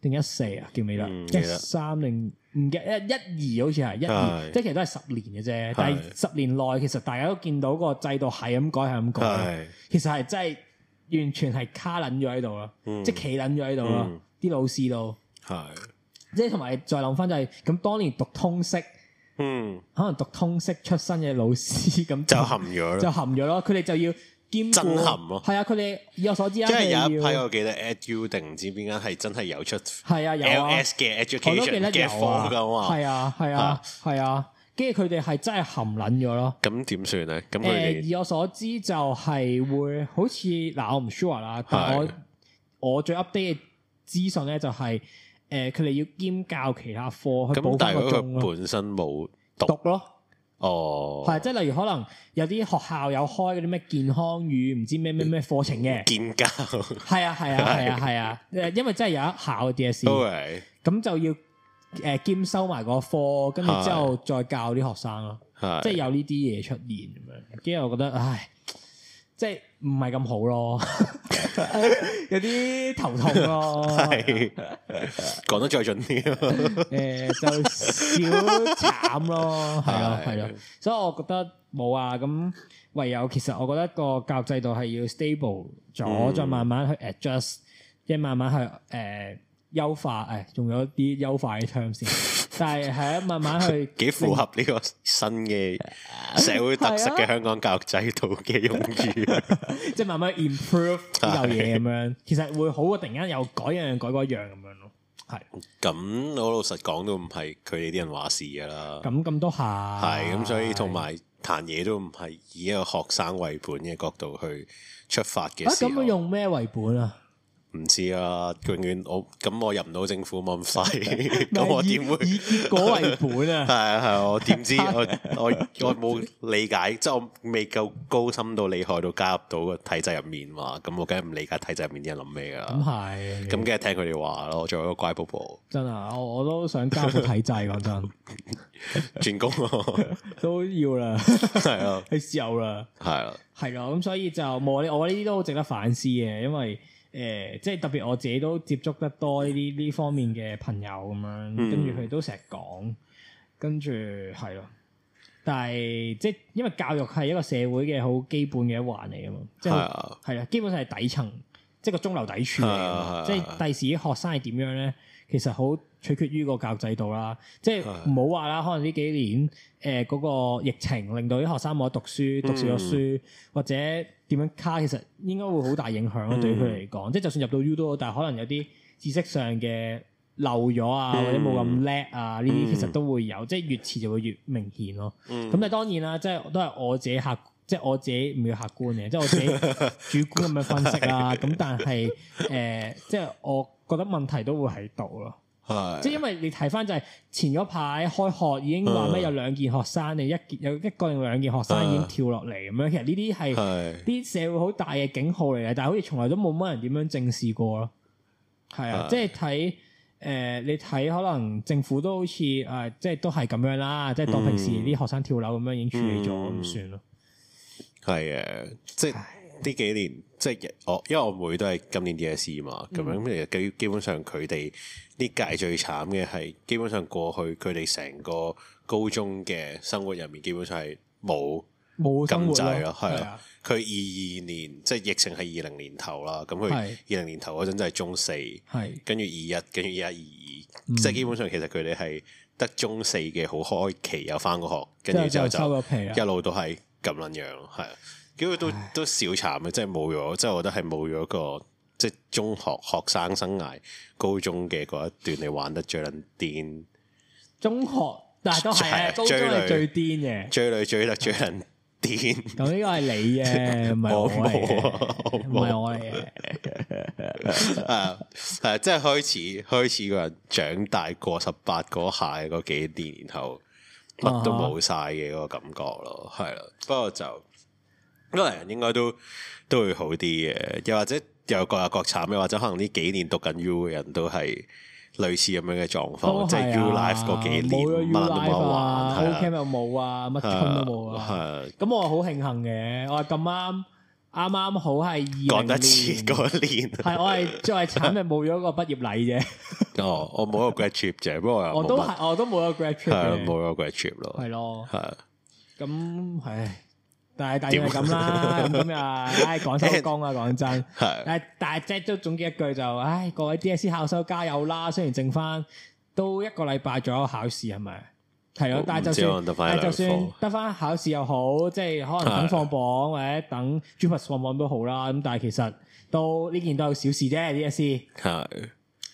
定一四啊？叫咩啦？一三定？唔記得一一二好似係一二，1, 2, 是即係其實都係十年嘅啫。但係十年內，其實大家都見到個制度係咁改，改，改，係咁改。其實係真係完全係卡捻咗喺度啦，嗯、即係企捻咗喺度啦。啲、嗯、老師都，係是，即係同埋再諗翻就係、是、咁當年讀通識，嗯，可能讀通識出身嘅老師咁 <laughs> 就，就含咗，就含咗咯。佢哋就要。兼撼咯，係陷啊！佢哋以我所知啊，即係有一批我記得 e d u 定唔知邊間系真係有出 LS 嘅 education 嘅課噶嘛？係啊，係啊，係的啊，跟住佢哋係真係含撚咗咯。咁點算咧？咁佢哋以我所知就係會好似嗱、啊，我唔 sure 啦，但我的我最 update 嘅資訊咧就係、是、誒，佢、呃、哋要兼教其他課去補咁，但係如果本身冇讀咯？哦，係、oh。即係例如可能有啲學校有開嗰啲咩健康與唔知咩咩咩課程嘅，兼教係啊係啊係 <laughs> 啊係啊，啊，啊，因為真係有一考嘅 DSE，咁就要誒、呃、兼收埋嗰科，跟住之後再教啲學生咯，Right. 即係有呢啲嘢出現咁樣，跟住 Right. 我覺得唉，即係。唔係咁好咯， <laughs> 有啲頭痛咯。係講 <laughs> 得再準啲，誒 <laughs> 、呃，就少慘咯。係咯，係咯，所以我覺得冇啊。咁唯有其實，我覺得個教育制度係要 stable 咗，嗯、再慢慢去 adjust，即係慢慢去誒優、呃、化。誒、哎，用咗啲優化嘅 term 先。 <laughs> 但係喺慢慢去幾符合呢個新嘅社會特色嘅香港教育制度嘅用語，即係慢慢 improve 有嘢咁樣，其實會好過突然間又改一樣改嗰樣咁樣咯。係咁、啊，我老實講都唔係佢哋啲人話事㗎啦。咁咁多下係咁，是啊、所以同埋彈嘢都唔係以一個學生為本嘅角度去出發嘅。咁佢、啊、用咩為本啊？唔知啊，永遠我咁我入唔到政府咁細，咁 <laughs> 我點會 <laughs> 以結果為本啊？係啊係，我點知我 <laughs> 我我冇理解，即、就、係、是、我未夠高深到厲害到加入到個體制入面嘛。咁我梗係唔理解體制入面啲人諗咩噶。咁係、嗯，咁梗係聽佢哋話咯。我作為一個乖寶寶，真啊我，我都想加入體制講真、 <laughs> 啊，轉工 <laughs> 都要啦了，係 <laughs> <laughs> 啊，係時候啦，係啊。係 <laughs> 咯是、啊。咁所以就我我呢啲都好值得反思嘅，因為、啊。 <laughs> 誒，即係特別我自己都接觸得多呢啲呢方面嘅朋友咁樣，跟住佢都成日講，跟住係咯。但係即係因為教育係一個社會嘅好基本嘅一環嚟啊嘛，即係係啊，啊，基本上係底層，即係個中流砥柱嚟。啊啊、即係第時啲學生係點樣咧，其實好取決於個教育制度啦。即係唔好話啦，可能呢幾年誒嗰、呃那個疫情令到啲學生冇得讀書，讀少咗書、嗯、或者。點樣卡其實應該會好大影響咯，對佢嚟講，即係、嗯、就，就算入到 u 都好，但係可能有啲知識上嘅漏咗啊，或者冇咁叻啊，呢啲、嗯、其實都會有，即、就、係、是、越遲就會越明顯咯。咁、嗯、但係當然啦，即、就、係、是、都係我自己客，即、就、係、是、我自己唔要客觀嘅，即、就、係、是、我自己主觀咁樣分析啊。咁 <laughs> 是的 但係誒，即、呃、係、就是、我覺得問題都會喺度咯。是即係因為你睇翻就係前嗰排開學已經話咩有兩件學生，你是一件有一個定兩件學生已經跳落嚟咁樣。是其實呢啲係啲社會好大嘅警號嚟嘅，是但係好似從來都冇乜人點樣正視過咯。係啊，是即係睇誒，你睇可能政府都好似誒、呃，即係都係咁樣啦，即係當平時啲學生跳樓咁樣已經處理咗咁、嗯、算咯。係啊，即係。呢幾年即係我，因為我妹，妹都係今年 DSE 嘛，咁樣其實基基本上佢哋呢屆最慘嘅係基本上過去佢哋成個高中嘅生活入面，基本上係冇冇咁滯咯，係啊！佢二二年即係、就是、疫情係二零年頭啦，咁佢二零年頭嗰陣就係中四，跟住二一，跟住二一二二，即係基本上其實佢哋係得中四嘅好開期有返過學，跟住之後就一路都係咁撚樣，係、啊。結果都都笑慘嘅，即係冇咗，即係我覺得係冇咗個即係中學學生生涯、高中嘅嗰一段，你玩得最捻癲。中學，但係都係啊，高中最癲嘅，追女追得最捻癲。咁呢、嗯嗯這個係你嘅，唔係我嘅我，唔係我嘅。誒不 <laughs> <laughs> 啊、即係開始開始個人長大過十八嗰下，嗰幾年後，然後乜都冇晒嘅嗰個感覺咯，係啦、uh,。不過就。嗰啲應該都都會好啲嘅，又或者又各有各慘，又或者可能呢幾年讀緊 U 嘅人都係類似咁樣嘅狀況，即係 U life 嗰幾年冇咗 U life 啊，O camp 又冇啊，乜通都冇啊。咁我好慶幸嘅，我係咁啱啱啱好係二零年嗰一年，係我係最係慘嘅，冇咗個畢業禮啫。哦，我冇咗 grad trip 啫，不過我都係我都冇咗 grad trip，係冇咗 grad trip 咯，係咯，係咁唉。但係大約係咁啦，咁又怎樣，唉， <laughs> 講收工啦，講真。係 <laughs> 的。但係即係都總結一句就，唉、哎，各位 DSE 考生加油啦！雖然剩翻都一個禮拜左右考試係咪？係咯，哦、但係就算，但係、哎、就算得翻考試又好，即係可能等放榜的或者等 Jupiter 放榜都好啦。咁但係其實都呢件都有小事啫，D、SE、S E。係。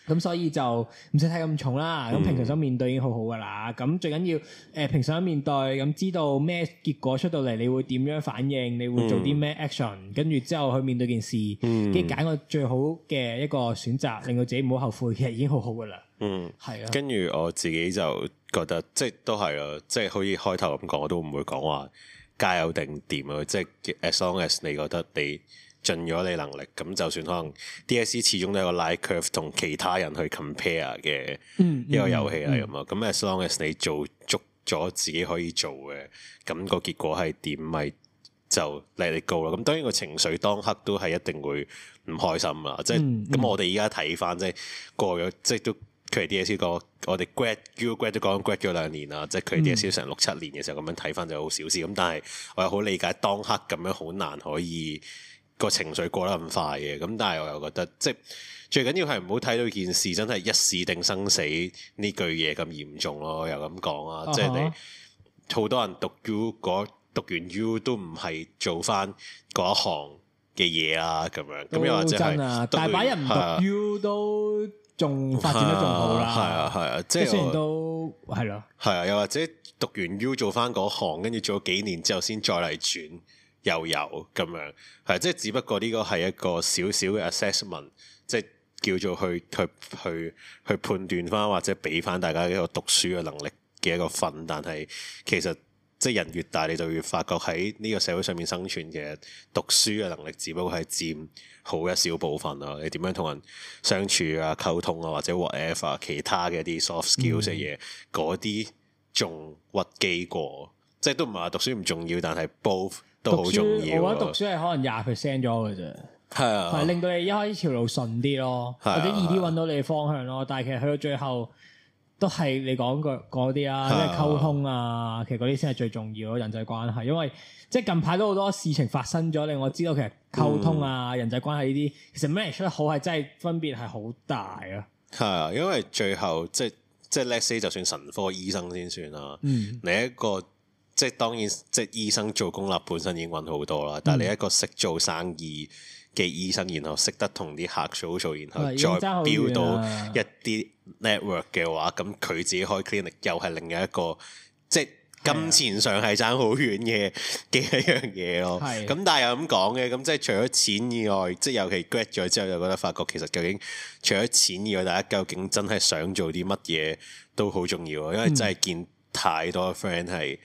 咁所以就唔使睇咁重啦，咁平常心面對已經好好噶啦。咁、嗯、最緊要誒、呃、平常心面對，咁知道咩結果出到嚟，你會點樣反應？你會做啲咩 action？跟住、嗯、之後去面對件事，跟住揀個最好嘅一個選擇，令到自己唔好後悔，其實已經好好噶啦。嗯，係是啊。跟住我自己就覺得，即係都係啊，即係好似開頭咁講，我都唔會講話加油定點啊，即係 as long as 你覺得你。盡咗你能力，咁就算可能 DSE 始終都係個 like curve 同其他人去 compare 嘅一個遊戲嚟咁啊。咁、嗯嗯、as long as 你做足咗自己可以做嘅，咁、個結果係點咪就 let it go 啦。咁當然個情緒當刻都係一定會唔開心啦。即係咁、嗯嗯、我哋而家睇翻，即係過咗，即係都佢哋 DSE 講，我哋 grad，u grad 都講 grad 咗兩年啦。即係佢哋 DSE 成六七年嘅時候咁樣睇翻就好少事。咁但係我又好理解當刻咁樣好難可以，個情緒過得咁快嘅，咁但係我又覺得，即係最緊要係唔好睇到件事真係一試定生死呢句嘢咁嚴重咯。又咁講啊，即係你好多人讀 U 嗰讀完 U 都唔係做翻嗰行嘅嘢啊，咁樣咁又、哦、或者係的原大把人唔讀、啊、U 都仲發展得仲好啦，係啊，啊，啊，啊，即係雖然都係咯，係啊，又、啊、或者讀完 U 做翻嗰行，跟住做咗幾年之後先再嚟轉。又有咁樣，係即係只不過呢個係一個小小嘅 assessment，即係叫做去去去去判斷翻或者係俾翻大家一個讀書嘅能力嘅一個份。但係其實即係人越大，你就越發覺喺呢個社會上面生存嘅讀書嘅能力，只不過係佔好一小部分啊！你點樣同人相處啊、溝通啊，或者 whatever 其他嘅一啲 soft skills 嘅嘢，嗰啲仲屈機過。即係都唔係話讀書唔重要，但係 both 書都好重要。我覺得讀書係可能廿 percent 咗嘅啫，係是啊，係令到你一開始條路順啲咯，是啊、或者易啲揾到你嘅方向咯。是啊、但係其實去到最後都係你講個嗰啲啊，即係溝通啊，是啊其實嗰啲先係最重要咯，人際關係。因為即係近排都好多事情發生咗，令我知道其實溝通啊、嗯、人際關係呢啲，其實 manage 得好係真係分別係好大啊。係啊，因為最後即係即係，let's say 就算神科醫生先算啦，嗯、你一個。即係當然，即、就、係、是、醫生做公立本身已經揾好多啦。但係你一個識做生意嘅醫生，然後識得同啲客數數，然後再 build 到一啲 network 嘅話，咁佢自己開 clinic 又係另一個即係、就是、金錢上係爭好遠嘅嘅一樣嘢咯。咁但係又咁講嘅，咁即係除咗錢以外，即係尤其 grad 咗之後，又覺得發覺其實究竟除咗錢以外，大家究竟真係想做啲乜嘢都好重要啊！因為真係見太多 friend 係。嗯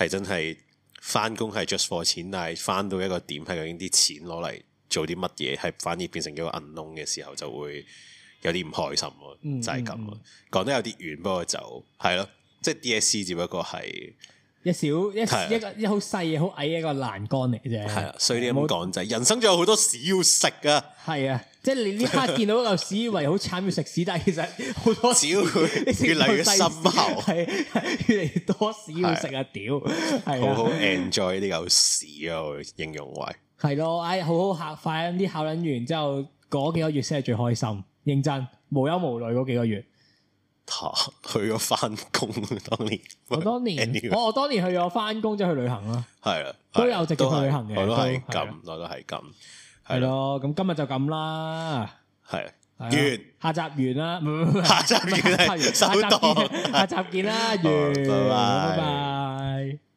係真係翻工係 just 攞錢，但係翻到一個點係究竟啲錢攞嚟做啲乜嘢？係反而變成咗個銀窿嘅時候，就會有啲唔開心咯。嗯、就係咁咯，講、嗯嗯、得有啲遠，不過就係咯，即係 DSE 只不過係。一小一小，了一個一，好細嘅，好矮一個欄杆嚟嘅啫。係啊，衰啲咁講就係，別人生仲有好多屎要食啊！係啊，即係你呢刻見到嚿屎以為好慘 <laughs> 要食屎，但係其實好多屎越嚟越深厚，係 <laughs> 越嚟越多屎要食啊！屌，係啊，好 enjoy 呢嚿屎啊！形容話係咯，唉，好好快考，快啲考捻完之後，嗰幾個月先係最開心，認真無憂無慮嗰幾個月。吓去咗翻工，當年我當年我當年去咗翻工，即係去旅行啦，係啊，都有直接去旅行嘅，我都係咁，我都係咁，係咯。咁今日就咁啦，係完下集完啦，下集完啦，下集完啦，下集見啦，完，拜拜。